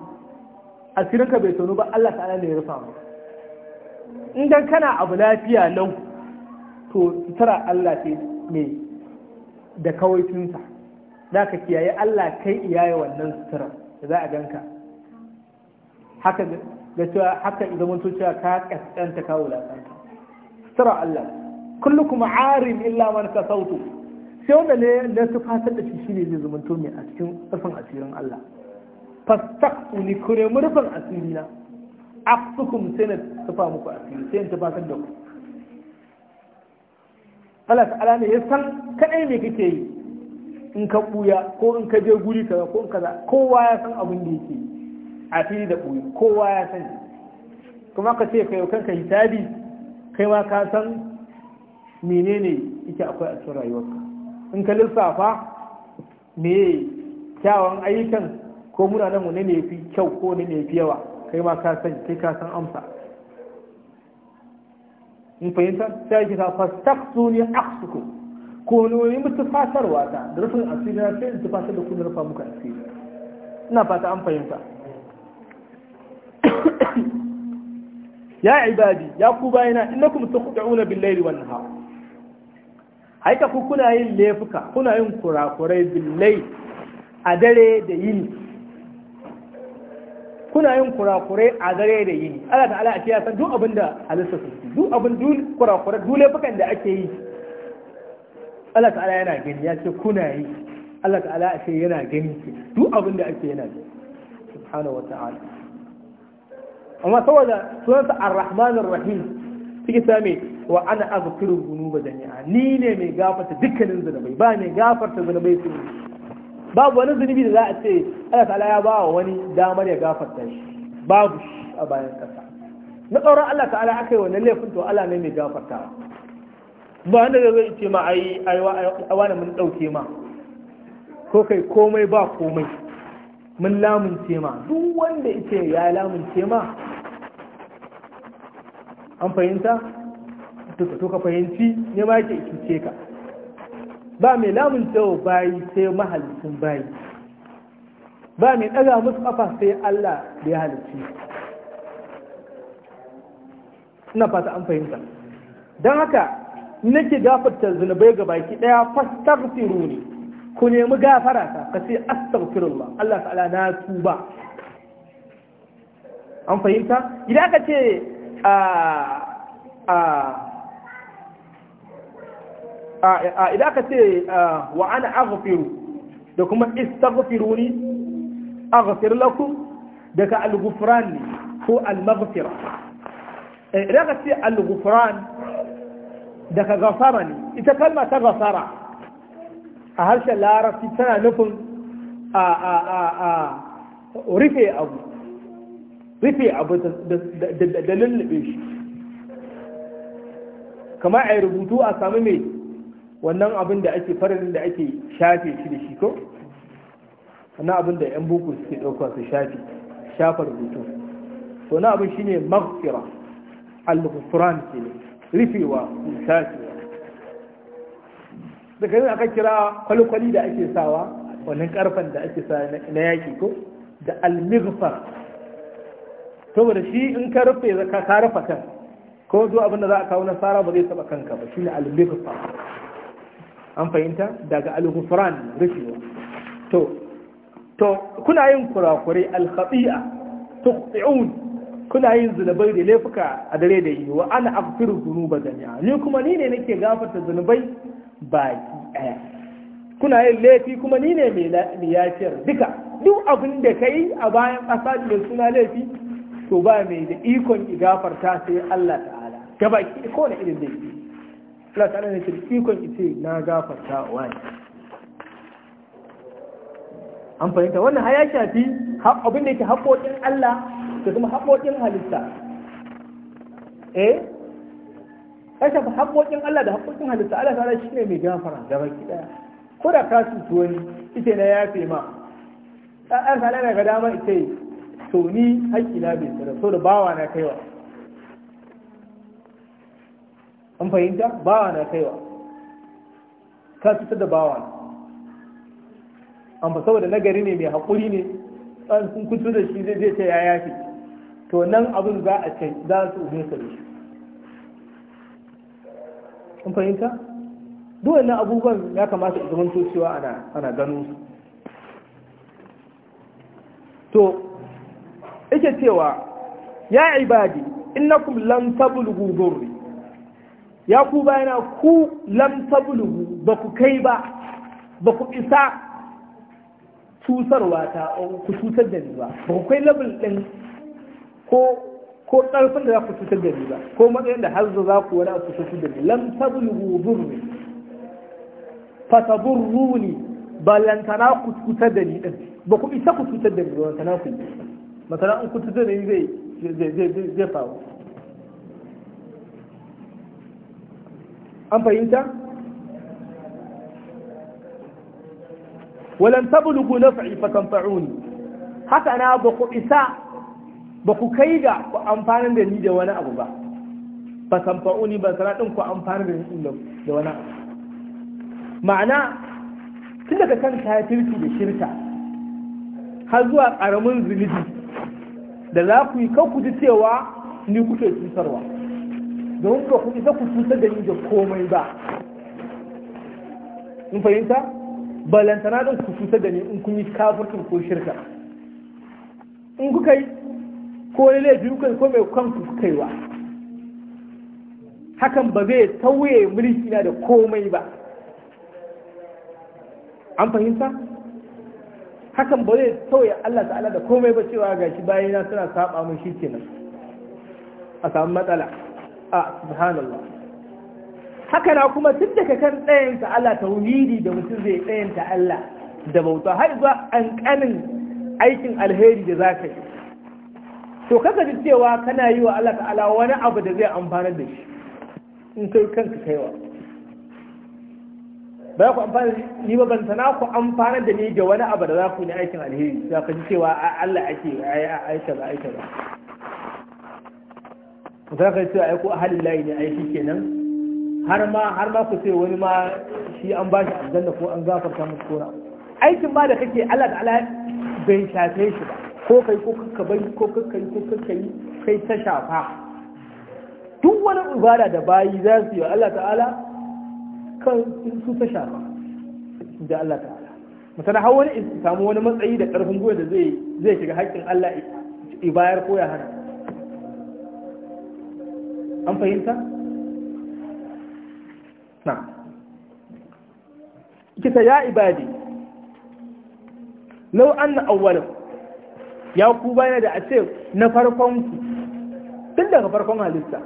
asirinka bai tono ba Allah ta ne ya rufa maka in dan kana abu lafiya lau to tara Allah ce mai da kawaitinsa. za ka kiyaye Allah kai iyaye wannan sutura da za a ganka haka da cewa haka idan mun cewa ka kaskanta ka wulakanta sutura Allah kuma arin illa man sautu. sai wanda ne da su fasar da shi shine zai zumunto mai a cikin rufin asirin Allah fastaqu ni kure mu rufin asirina aqsukum sai na tufa muku asiri sai ta fasar da ku Allah ta'ala ne ya san kadai me kake yi in ka buya ko in ka je guri kaza ko in kaza kowa ya san abin da yake a fili da buya kowa ya san kuma ka ce kai kanka hisabi kai ma ka san menene yake akwai a cikin rayuwarka in ka lissafa me kyawun ayyukan ko nan mu ne ne fi kyau ko ne ne fi yawa kai ma ka san kai ka san amsa in fahimta sai ki ta fastaksuni aksukum ko nuni mutu fatarwa ta da rufin asiri na sai in tufatar da kuma rufa muka asiri ina fata an fahimta *coughs* ya ibadi ya ku bayina innakum tuqta'una bil-layli wan hau haika ku kuna yin laifuka kuna yin kurakurai bil a dare da yini kuna yin kurakurai a dare da yini Allah ta'ala a ce ya san duk abinda halitta su duk abin duk kurakurai duk laifukan da ake yi Allah ta'ala yana gani ya ce kuna yi Allah ta'ala a ce yana gani duk abin da ake yana gani subhanahu wa ta'ala amma saboda sunansa ar-rahman ar-rahim suke same wa ana azkuru dhunuba jami'a ni ne mai gafarta dukkanin zunubai ba ne gafarta zunubai su babu wani zunubi da za a ce Allah ta'ala ya ba wa wani damar ya gafarta shi babu shi a bayan kasa na tsoron Allah ta'ala aka yi wannan laifin to Allah ne mai gafartawa ba wanda zai ce ma a ai wani mun ɗauke ma ko kai komai ba komai mun lamunce ma duk wanda ita ya lamunce ma an fahimta to ka fahimci ne ma yake ce ka ba mai lamunce wa bayi sai mahalicin bayi ba mai ɗaga musu kafa sai Allah da ya halicci ina fata an fahimta don haka nake gafarta zunubai ga baki daya fastaghfiruni ku nemi gafara ta ka ce astaghfirullah Allah ta'ala na tuba an fahimta idan aka ce a a idan aka ce wa ana aghfiru da kuma istaghfiruni aghfir lakum daga al-ghufran ko al-maghfira eh, idan aka ce al-ghufran daga gafara ne ita kalma ta gafara a harshen larabci tana nufin a a a a rufe abu rufe abu da lullube shi kamar a rubutu a sami mai wannan abin da ake farin da ake shafe shi da shi ko wannan abin da 'yan buku suke ɗauka su shafe shafa rubutu to na abin shine maghfira al-ghufran ke. rufewa sacewa daga yin aka kira kwalikwali da ake sawa wani karfan da ake sa na yaki ko da To da shi in ka rufe ka rufa kan ko zuwa abinda za a kawo nasara ba zai taba kanka ba shi ne almigfar an fahimta daga alhufran rufewa to to kuna yin kurakurai alkhati'a tuqti'un kuna yin zunubai da laifuka a dare da yi wa ana afiru zunuba jami'a ni kuma ni ne nake gafarta zunubai baki ɗaya kuna yin laifi kuma ni ne mai yafiyar duka duk abin da ka yi a bayan ƙasa da suna laifi to ba mai da ikon gafarta sai Allah ta'ala ga baki ko da irin laifi Allah ta'ala ne da ikon ce na gafarta wani an fahimta wannan har ya shafi abin da yake haƙoƙin Allah da kuma haƙoƙin halitta eh kashe haƙoƙin Allah da haƙoƙin halitta Allah ta shi ne mai gafara da baki daya ko da kasu cutu ita ita na yafe ma ɗan sana na ga dama ita yi to ni haƙƙi na bai tsira so da bawa na kaiwa an fahimta bawa na kaiwa ka cutar da bawa na an ba saboda nagari ne mai haƙuri ne an sun kusur da shi zai ce ya yafe to nan abin za a ce za su ume ka shi kun fahimta duk wannan abubuwan ya kamata zaman cewa ana ana gano su to yake cewa ya ibadi innakum lam tablughu durri ya ku bayana ku lam tablughu ba ku kai ba ba ku isa cutarwa ta ku cutar da ni ba ba ku kai level din ko ko ƙarfin da za ku cutar da ni ba ko matsayin da har za ku wani ku cutar da ni lam fasabun durri ba lantana ku cutar da ni din ba ku isa ku cutar da ni ba balantana ku masana in ku cutar da ni zai zai zai faru an fahimta walan tablughu naf'i fatanfa'uni haka na ba ku isa ba ku kai ga ku amfanar da ni da wani abu ba ba san fa'uni ba sana ɗin ku amfanar da ni da wani abu ma'ana tun daga kan kafirci da shirka har zuwa ƙaramin zunubi da za ku yi kan ku ji cewa ni kuke cutarwa don ba ku isa ku cutar da ni da komai ba in fahimta balantana ɗin ku cutar da ni in kun yi kafurkin ko shirka in kuka yi ko laifin kai ko mai kanku kaiwa hakan ba zai sauye mulki na da komai ba an fahimta hakan ba zai sauye Allah ta'ala da komai ba cewa gashi bayana suna saba mun shi kenan a samu matsala a subhanallah haka na kuma tun daga kan ta Allah wuri da mutum zai tsayinta Allah da bauta har zuwa ƙanƙanin aikin alheri da za ka yi to kaka ji cewa kana yi wa Allah ta'ala wani abu da zai amfanar da shi in kai kanka kaiwa ba ku amfana ni ba ban sana ku amfanar da ni da wani abu da za ku yi aikin alheri za ka ji cewa Allah ake aisha ba aisha ba ku za ka ji cewa aiko halin layi ne aiki kenan har ma har ma ku ce wani ma shi an ba shi aljanna ko an gafarta musu kona aikin ba da kake Allah ta'ala bai shafe shi ba ko kai ko kakka bari ko kakka yi ko kakka yi kai ta shafa duk wani ibada da bayi za su yi Allah ta'ala kan su ta shafa da Allah ta'ala misali har wani samu wani matsayi da karfin gwiwa da zai zai shiga haƙƙin Allah ibayar ko ya hana an fahimta na kita ya ibadi lau an na ya ku bayana da a ce na farkon ku tun daga farkon halitta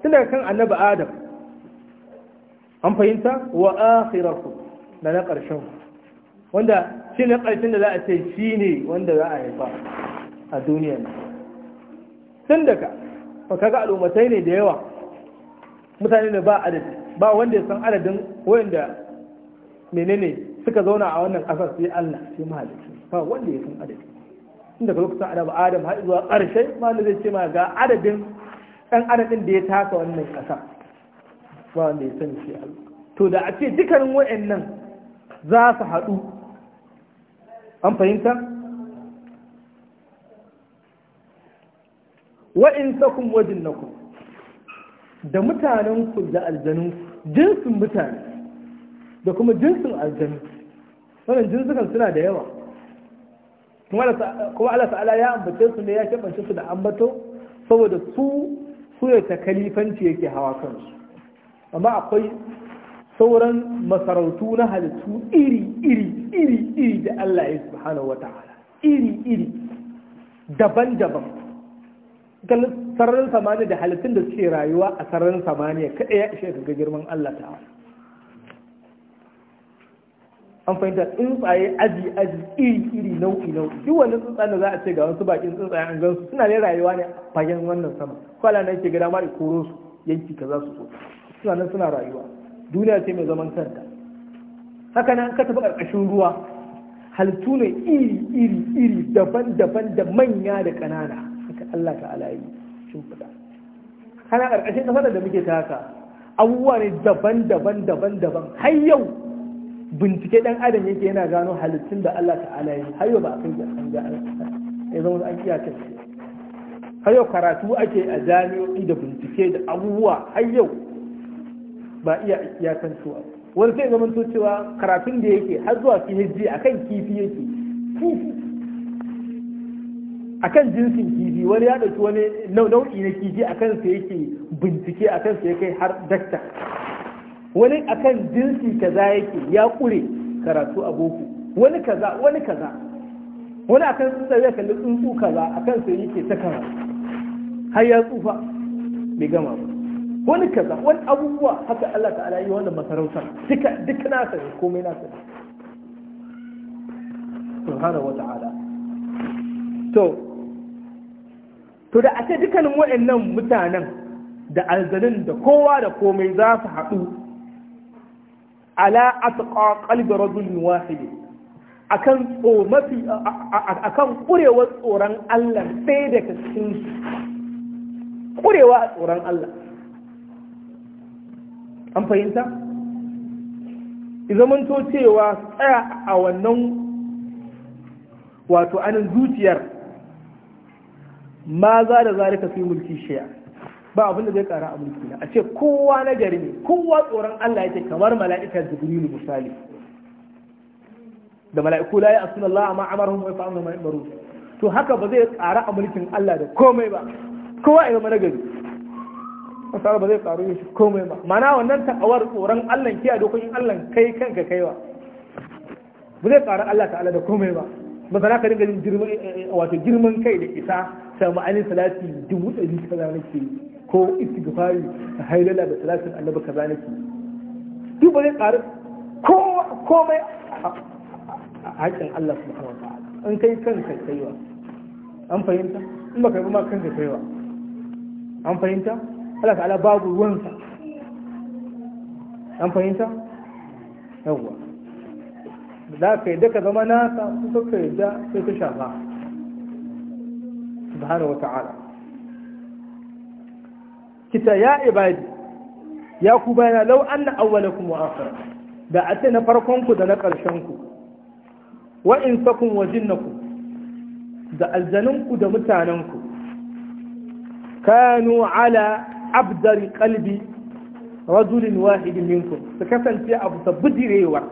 tun daga kan annabi adam an fahimta wa akhirakum da na ƙarshen wanda shi ne ƙarshen da za a ce shi ne wanda za a haifa a duniya tun daga ba ga al'ummatai ne da yawa mutane da ba adadi ba wanda ya san adadin wanda menene suka zauna a wannan ƙasar sai Allah sai mahalicci ba wanda ya san adadi daga lokacin adam adam har zuwa ƙarshe da zai ce ma ga adadin ɗan adadin da ya taka wannan ƙasa ba wanda ya sani shi to da a ce dukkanin wayannan za su haɗu an fahimta wa'in sakun wajen na da da mutanenku da aljanun, jinsin mutane da kuma jinsin aljanu wannan jinsukan suna da yawa kuma Allah ta'ala ya ambace su ne ya kebance su da ambato saboda su su ya ta kalifanci yake hawa kansu amma akwai sauran masarautu na halittu iri iri iri iri da Allah ya subhanahu wata'ala iri iri daban-daban sararin samaniya da halittun da suke rayuwa a sararin samaniya kaɗai ya ishe ga girman Allah ta'ala an fahimta tsuntsaye aji aji iri iri nau'i nau'i duk wani tsuntsayen da za a ce ga wasu bakin tsuntsaye an gansu suna ne rayuwa ne a fagen wannan sama kwala na yake gada mara koro su yanki za su so suna nan suna rayuwa duniya ce mai zaman kanta haka nan ka tafi ƙarƙashin ruwa halittu ne iri iri iri daban daban da manya da ƙanana haka Allah ta'ala yi shimfiɗa kana ƙarƙashin ƙasar da muke ta haka abubuwa ne daban daban daban daban har yau bincike dan adam yake yana gano halittun da Allah ta'ala yi har yau ba a kanta an ga ya zama an shi har yau karatu ake a jami'o'i da bincike da abubuwa har yau ba iya su ba wani sai zaman to cewa karatun da yake har zuwa PhD akan kifi yake kifi akan jinsin kifi wani ya dauki wani nau'i na kifi akan sa yake bincike akan sa ya kai har dakta wani akan jinsi kaza yake ya kure karatu a boko wani kaza wani kaza wani akan tsuntsaye ya kalli tsuntsu kaza akan sai yake ta karatu har ya tsufa bai gama ba wani kaza wani abubuwa haka Allah ta'ala yi wannan masarautar duka duk nasa ne komai nasa ne subhanahu wata'ala to to da a ce dukkanin waɗannan mutanen da alzalin da kowa da komai za su haɗu ala atqa qalbi rajulin wahid akan tso mafi akan kurewar tsoron Allah sai daga cikin kurewa a tsoron Allah an fahimta izamanto cewa tsaya a wannan wato anan zuciyar ma za da zalika fi mulki shi'a ba abin da zai ƙara a mulki na a ce kowa na gari ne kowa tsoron Allah yake kamar mala'ikar jibril misali da mala'iku la ya'sun Allah amma amaruhum wa yaf'alun ma yamuru to haka ba zai ƙara a mulkin Allah da komai ba kowa ya zama nagari masara ba zai ƙaru shi komai ba mana wannan takawar tsoron Allah kiya dokokin Allah kai kanka kaiwa ba zai ƙara Allah ta'ala da komai ba ba za ka dinga jin eh, eh, wato girman kai da isa sai ma'anin salati dubu ɗari kaza nake yi ko istighfari ka hailala da talatin annabi kaza nake duk ba zai ƙaru komai a hakkin Allah subhanahu wa ta'ala an kai kanka kaiwa an fahimta in ba baka yi ma kanka kaiwa an fahimta Allah ta'ala babu ruwansa an fahimta yawwa za ka yi ka zama nasa kusa ka yi da sai ta shafa subhanahu wa ta'ala kita ya ibadi ya ku bayana lau anna awwalakum wa akhirakum da a na farkonku da na ƙarshenku wa insakum wa jinnakum da aljaninku da mutanenku kanu ala abdar qalbi rajulin wahidin minkum su kasance a bisa bidirewa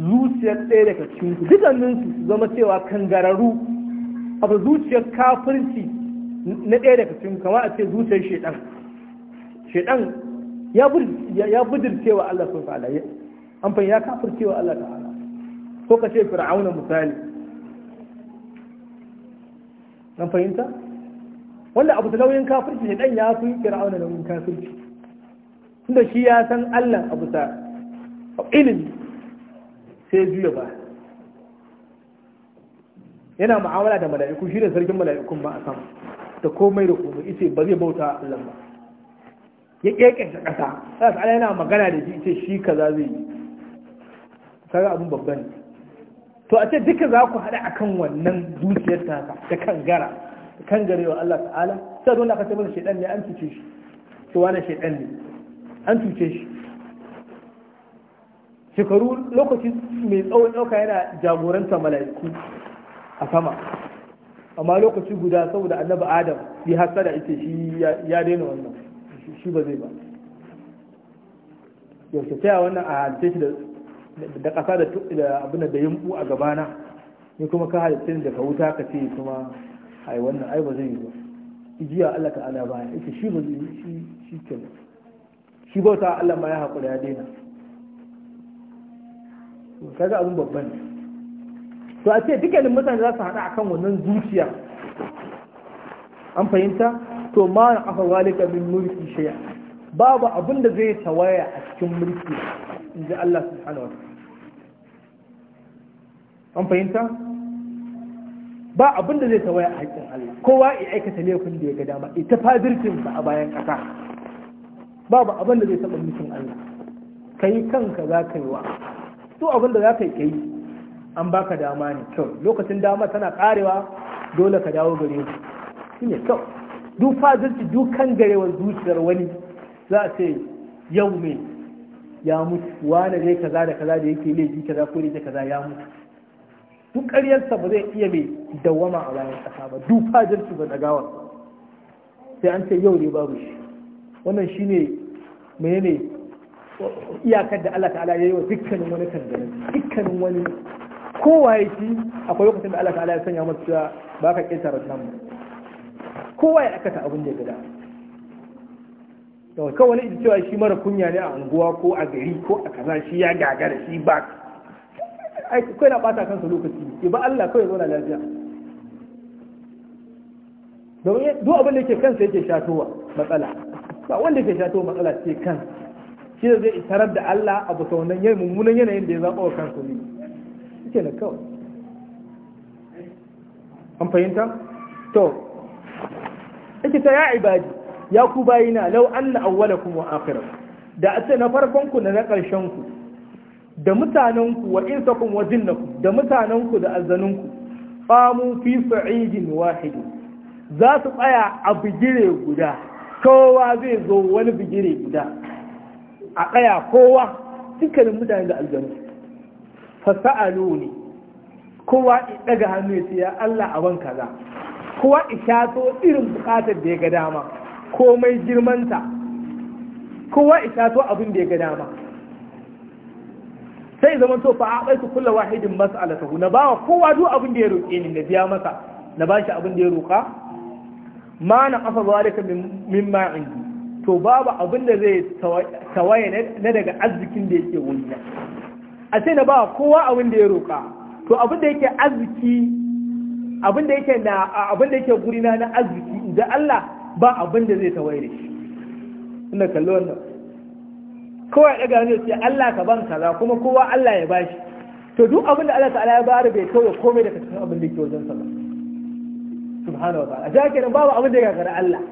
zuciyar ɗaya daga cikin dukkaninsu su zama cewa kangararru abu zuciyar kafirci na ɗaya daga cikin kama a ce zuciyar shaidan shedan ya ya wa Allah subhanahu wa ta'ala an fa ya kafircewa Allah ta'ala ko ka ce fir'auna misali an fahimta wanda abu talauyin kafirci shedan ya fi fir'auna nauyin kafirci tunda shi ya san Allah abu ta ilimi sai juya ba yana mu'amala da mala'iku shi ne sarkin mala'ikun ba a sama da komai da komai ita ba zai bauta Allah ba ya kekenta ƙasa sai ala yana magana da shi ce shi kaza zai yi kaga abin babban ne to a ce duka za ku haɗa akan wannan dukiyar ta ta kangara wa Allah ta'ala sai don aka tabbata shedan ne an cuce shi to wani shedan ne an cuce shi shekaru lokaci mai tsawon ɗauka yana jagoranta mala'iku a sama amma lokaci guda saboda annabi adam ya hasada ita shi ya daina wannan shi ba zai ba yaushe ta wannan a halitta shi da ƙasa da abin da yin a gabana ni kuma ka halitta da ka wuta ka ce kuma ai wannan ai ba zai yi ba ijiya Allah ta'ala baya ita shi ba zai shi shi ke shi ta Allah ma ya haƙura ya daina kaga abin babban to a ce dukkanin mutane za su haɗa akan wannan zuciya an fahimta to ma afa zalika min mulki shay'a babu abin da zai tawaya a cikin mulki in ji Allah subhanahu wa an fahimta ba abin da zai tawaya a haƙƙin Allah kowa ya aikata laifin da ya ga dama ita fadirkin sa a bayan ƙasa babu abin da zai taɓa mulkin Allah kai kanka za ka yi wa to abin da za ka yi an baka dama ne kyau lokacin dama tana ƙarewa dole ka dawo gare shi shine kyau duk fazirci dukan garewar zuciyar wani za a ce yau me ya mutu wane zai kaza da kaza da yake laifi kaza ko yake kaza ya mutu duk ƙaryarsa ba zai iya mai dawama a bayan ƙasa ba duk fazirci ba dagawa sai an ce yau ne babu shi wannan shi shine ne iyakar da Allah ta'ala ya yi wa dukkanin wani kangare dukkanin wani kowa ya ci akwai lokacin da Allah ta'ala ya sanya masu cewa ba ka ƙetare nan kowa ya aikata abin da ya gada da kawai wani cewa shi mara kunya ne a unguwa ko a gari ko a kaza shi ya gagara shi ba kai na bata kansa lokaci ke ba Allah kawai zo na lafiya domin duk abin da yake kansa yake shatowa matsala ba wanda yake shatowa matsala ce kan. shi da zai tarar da Allah a bisa wannan yayin mummunan yanayin da ya zaɓa wa kansa ne yake na kawai an fahimta to yake ta ya ibadi ya ku bayina law anna awwalakum wa akhirah da a ce na farkon ku da na karshen ku da mutanen ku wa insakum wa jinnakum da mutanen ku da azanun ku qamu fi sa'idin wahid za su tsaya a bigire guda kowa zai zo wani bigire guda a tsaya kowa dukkanin mutanen da aljanu fa ne kowa daga hannu ya ce ya Allah a ban kaza kowa isha so irin bukatar da ya ga dama komai girmanta kowa isha so abin da ya ga dama sai zama so fa a ku kulla wahidin mas'alatahu na bawa kowa duk abin da ya roƙe ni na biya masa na bashi abin da ya roƙa ma na kafa zalika min ma'in to babu abin da zai tawaye na daga arzikin da yake wuri a sai na bawa kowa abin da ya roƙa to abin da yake arziki abin da yake na abin da yake guri na na arziki da Allah ba abin da zai tawaye da shi ina kallo wannan kawai daga ne sai Allah ka ban kaza kuma kowa Allah ya bashi to duk abin da Allah ta'ala ya bayar bai tawaye komai daga cikin abin da yake wajen sa ba subhanahu wa ta'ala jaka kenan babu abin da ya gagara Allah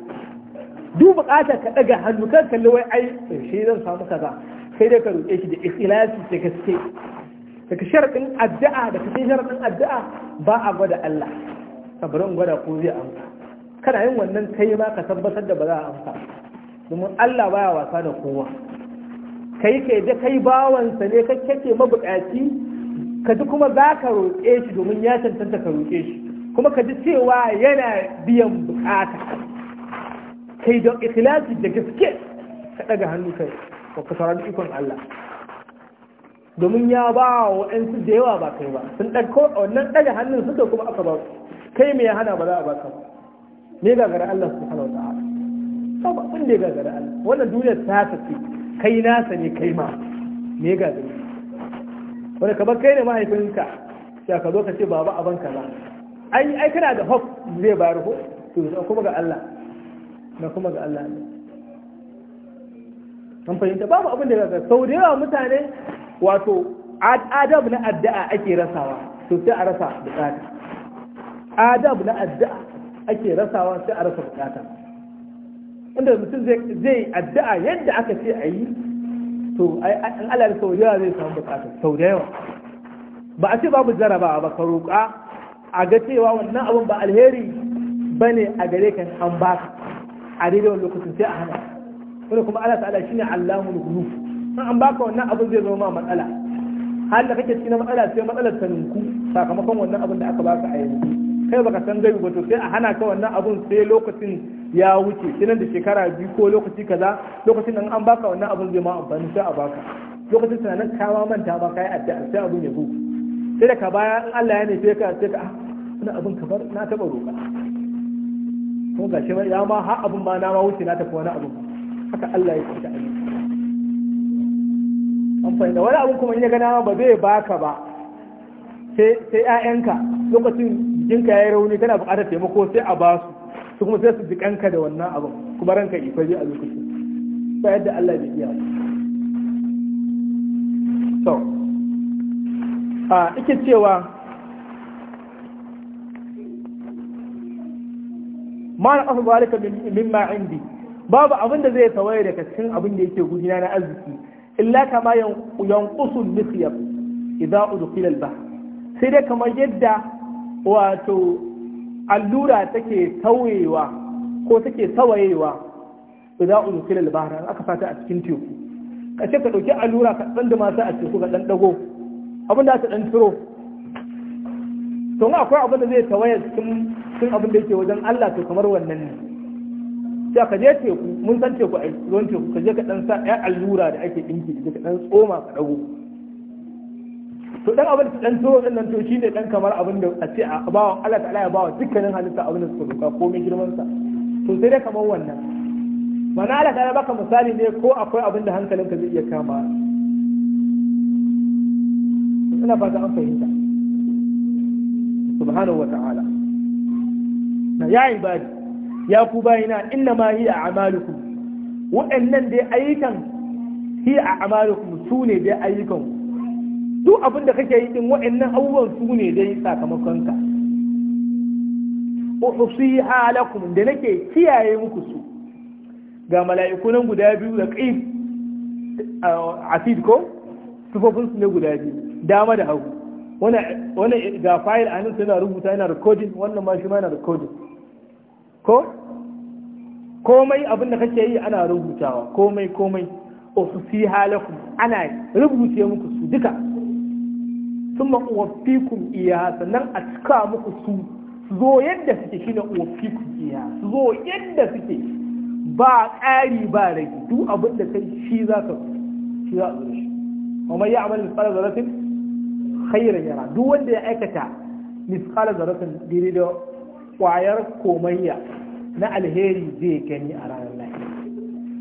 duk bukatar ka daga hannu kan kalli wai ai shi zan samu kaza sai dai ka roƙe shi da ikhlasi da gaske daga sharaɗin addu'a da cikin sharaɗin addu'a ba a gwada Allah sabarin gwada ko zai amsa kana yin wannan kai ma ka tabbatar da ba za a amsa domin Allah baya wasa da kowa kai ke da kai bawansa ne ka kake mabuƙaci, ka ji kuma za ka roƙe shi domin ya cancanta ka roƙe shi kuma ka ji cewa yana biyan bukata kai da ikhlasi da gaske ka ɗaga hannu kai ka saurari ikon Allah domin ya ba wa waɗansu da yawa ba kai ba sun ɗauko wannan ɗaga hannun suka kuma aka ba kai mai ya hana ba za a baka ba me gagara Allah su wa ta'ala ba ba abin da ya gagara Allah wannan duniya ta tafi kai nasa ne kai ma me gagara wanda kamar kai ne mahaifinka ya ka zo ka ce ba, aban kaza ba ai kana da hope zai bayar ko to kuma ga Allah na kuma ga Allah ne an fahimta babu abin da zaka sau da yawa mutane wato adab na addu'a ake rasawa to sai a rasa bukata adab na addu'a ake rasawa sai a rasa bukata inda mutum zai addu'a yadda aka ce a yi to an alal sau da yawa zai samu bukata sau da yawa ba a ce babu jarabawa ba ka roƙa a ga cewa wannan abin ba alheri bane a gare ka an baka a daidai wani lokacin sai a hana wanda kuma Allah ta'ala shine allamul ghuyub in an baka wannan abin zai zama matsala har da kake cikin matsala sai matsalar ta ninku sakamakon wannan abin da aka baka a yanzu kai baka san gaibi ba to sai a hana ka wannan abin sai lokacin ya wuce kinan da shekara biyu ko lokaci kaza lokacin nan an baka wannan abun zai ma amfani sai a baka lokacin tunanin ka ma manta ba kai addu'a sai abin ya zo sai da ka baya in Allah ya nufe ka sai ka ah wannan abin kamar na taba roƙa ko gashi ya ma har abin ba na ma wuce na tafi wani abin haka Allah ya fita amfani da wani abin kuma in ya gana ba zai baka ba sai 'ya'yanka lokacin jinka yayi rauni kana buƙatar taimako sai a basu su kuma sai su ji kanka da wannan abin kuma ranka ifaji a lokacin ba yadda Allah ya iya so a ike cewa ma na ƙasa zalika mimma indi babu abin da zai tawaye daga cikin abin da yake gudina na arziki illa kama yanqusul misyar idza udkhila al-bahr sai dai kamar yadda wato allura take tawayewa ko take tawayewa idza udkhila al-bahr aka fata a cikin teku kace ka dauki allura ka dan sai a teku ka dan dago abin da ta dan tiro to akwai abin da zai tawaye cikin abin da yake wajen Allah to kamar wannan ne sai ka je teku mun san teku a ruwan teku ka je ka dan sa ɗan allura da ake ɗinki da ka dan tsoma ka ɗago to dan abin da dan to dan nan to shine dan kamar abin da a ce a bawa Allah ta'ala ya bawa dukkanin halitta abin da suka duka ko mai girman sa to sai dai kamar wannan mana Allah ta'ala baka misali ne ko akwai abin da hankalinka zai iya kama ina fata an fahimta subhanahu wa ta'ala na ya ibadi ya ku bayina inna ma hiya a'malukum wa'annan dai ayyukan hiya a'malukum su ne dai ayyukan duk abin da kake yi din wa'annan abubuwan su ne dai sakamakon ka uhsiha lakum da nake kiyaye muku su ga mala'iku nan guda biyu da qif uh, asid ko sufofin su ne guda biyu dama da hagu wani ga fayil a nan suna rubuta yana recording wannan ma shi ma yana recording ko komai abin da kake yi ana rubutawa komai komai ofisi halakum ana rubuce muku su duka summa uwaffikum iya sannan a cika muku su su zo yadda suke shine uwaffikum iya su zo yadda suke ba ƙari ba rage duk abin da kai shi za ka shi za ka shi amma ya amal misqala zarafin khairan yara duk wanda ya aikata misqala zarafin daidai da kwayar komayya na alheri zai gani a ranar lahira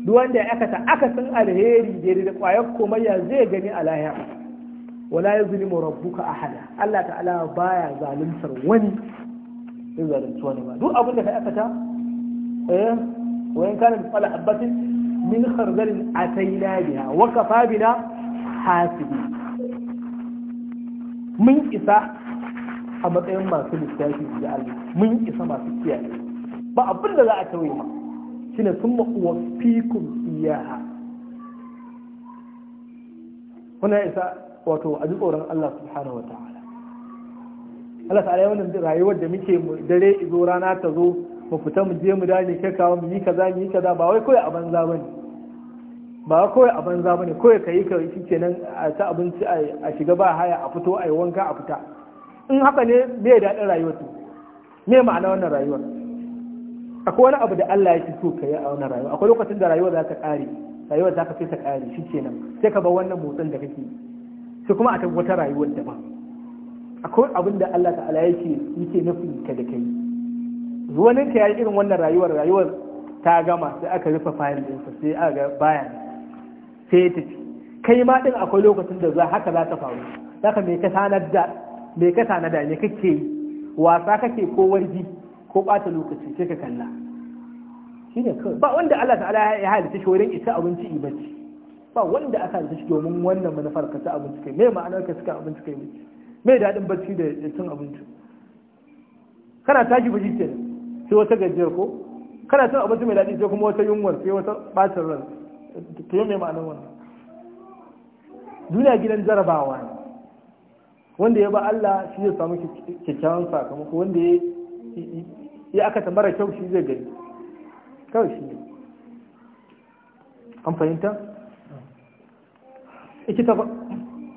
duk wanda ya akata akasin alheri da da kwayar komayya zai gani a lahira wala ya zulimu rabbuka ahada Allah ta'ala baya zaluntar wani zai zalunci wani ba duk abin da ka akata eh wayan kana bi fala min khardalin ataina biha wa kafa bina hasibi mun isa a matsayin masu lissafi da Allah mun isa masu kiyaye ba abin da za a tauye ma shi ne sun makuwa fikun iyaha wani ya isa wato a ji tsoron Allah subhanahu wa ta'ala Allah ta'ala yawan rayuwar da muke dare izo rana ta zo mu fita mu je mu dane kawo mu yi kaza mu yi kaza ba wai kawai a banza bane ba kawai a banza bane kawai ka yi kawai shi kenan a ta abinci a shiga ba haya a fito a yi wanka a fita in haka ne bai daɗin rayuwar me ma'ana wannan rayuwar akwai wani abu da Allah ya fi so ka yi a wannan rayuwa akwai lokacin da rayuwa za ta ƙare rayuwa za ka fi ta ƙare shi kenan sai ka bar wannan motsin da kake sai kuma a ta wata rayuwar ba. akwai abin da Allah ta'ala yake yake nufin ka da kai wani ka yi irin wannan rayuwar rayuwar ta gama sai aka rufe fayil ɗinsa sai aka ga baya sai ta ci kai ma ɗin akwai lokacin da za haka za ta faru zaka me ka da me ka da ne kake wasa kake ko warji ko ɓata lokaci sai ka kalla shi ne kawai ba wanda Allah ta'ala ya halitta shi wurin isa abinci bacci. ba wanda aka halitta shi domin wannan manufar ka ta abinci kai me ma'anar ka suka abinci kai me daɗin bacci da cin abinci kana tashi bacci ce sai wata gajiyar ko kana cin abinci mai daɗi sai kuma wata yunwar sai wata ɓacin ran ta yi mai ma'anar wannan duniya gidan jarabawa ne wanda ya ba Allah shi ya samu kyakkyawan sakamako wanda ya Ya aka tambara kyaushi kyau shi zai gani kawai shi ne an fahimta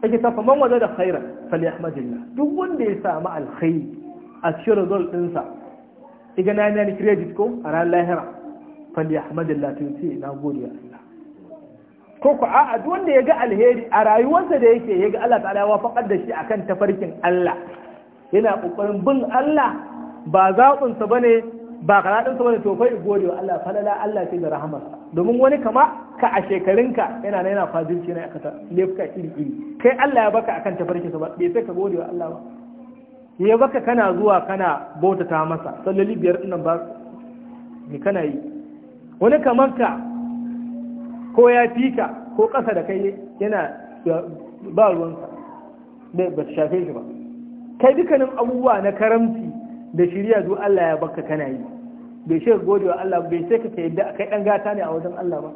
ake tafa man waje da khaira fali ahmadillah duk wanda ya samu alkhai a cikin result ɗinsa iga na yana credit ko a ran lahira fali ahmadillah tun ce na gode Allah ko ku a'a duk wanda ya ga alheri a rayuwarsa da yake ya ga Allah ta'ala ya wafaqar da shi akan tafarkin Allah yana kokarin bin Allah ba zaɓinsa ba ne ba karaɗinsa ba ne to fa gode wa Allah falala Allah ce da rahamarsa domin wani kama ka a shekarunka yana na yana fadilci na akata laifuka iri iri kai Allah ya baka akan tafarki sa ba bai sai ka gode wa Allah ba ya baka kana zuwa kana bautata masa sallali biyar ɗin nan ba ni kana yi wani kamar ka ko ya fi ka ko ƙasa da kai yana ba ruwansa bai ba shafe shi ba kai dukkanin abubuwa na karamci da shirya zuwa Allah ya baka kana yi bai shi gode wa Allah bai sai ka ta yadda kai dan gata ne a wajen Allah ba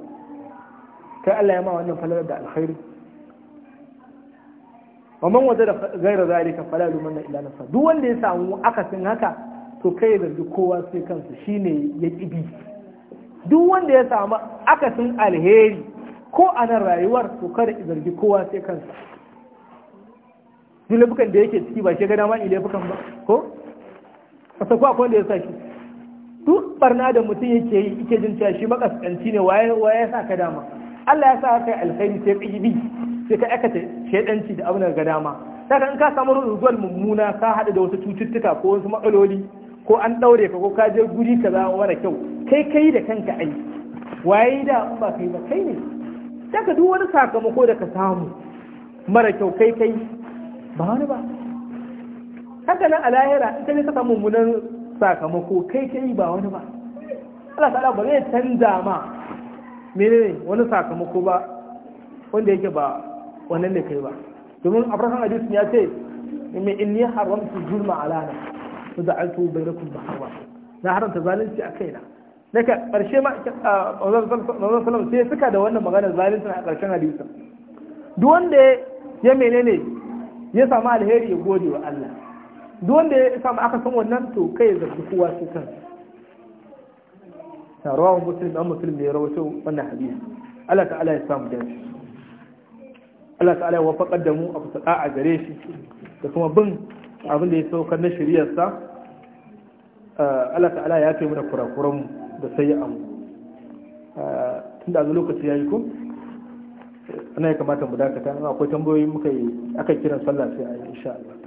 kai Allah ya ma wannan falalar da alkhairi wa man wajada ghayra zalika fala lumanna illa nafsa duk wanda ya samu akasin haka to kai da kowa sai kansa shine ya kibi duk wanda ya samu akasin alheri ko a nan rayuwar to kada ki zargi kowa sai kansa duk da yake ciki ba shi ga dama ilafukan ba ko kasa ko akwai ya sa shi duk barna da mutum yake yi ike jin cewa shi makaskanci ne waye waye sa ka dama Allah ya sa kai alkhairi sai qibi sai ka aikata shedanci da abin ga dama saka in ka samu ruzuwar mummuna ka hada da wasu cututtuka ko wasu matsaloli ko an daure ka ko ka je guri kaza mara kyau kai kai da kanka ai waye da ba kai ba kai ne saka duk wani sakamako da ka samu mara kyau kai kai ba wani ba haka nan a lahira ita ne ta samu munan sakamako kai ta yi ba wani ba Allah ta'ala ba zai canza ma menene wani sakamako ba wanda yake ba wannan ne kai ba domin a farkon hadisin ya ce mai inni haramtu zulma ala na wa ja'altu bainakum harwa na haramta zalunci a kaina Naka karshe ma Manzon Sallam sai suka da wannan maganar zalunci a karshen hadisin duk wanda ya menene ya samu alheri ya gode wa Allah duk wanda ya samu aka san wannan to kai ya zargi kowa sai kan na rawan muslim dan muslim ne rawaito wannan hadisi Allah ta'ala ya samu dace Allah ta'ala ya wafaqar da mu a fusa a gare shi da kuma bin abin da ya saukar na shiriyarsa eh, Allah ta'ala ya kai mana kurakuran da sai ya amu eh, tun da lokaci ya yi ko ana ya kamata mu dakata akwai tambayoyi muka yi aka kiran sallah sai a yi insha Allah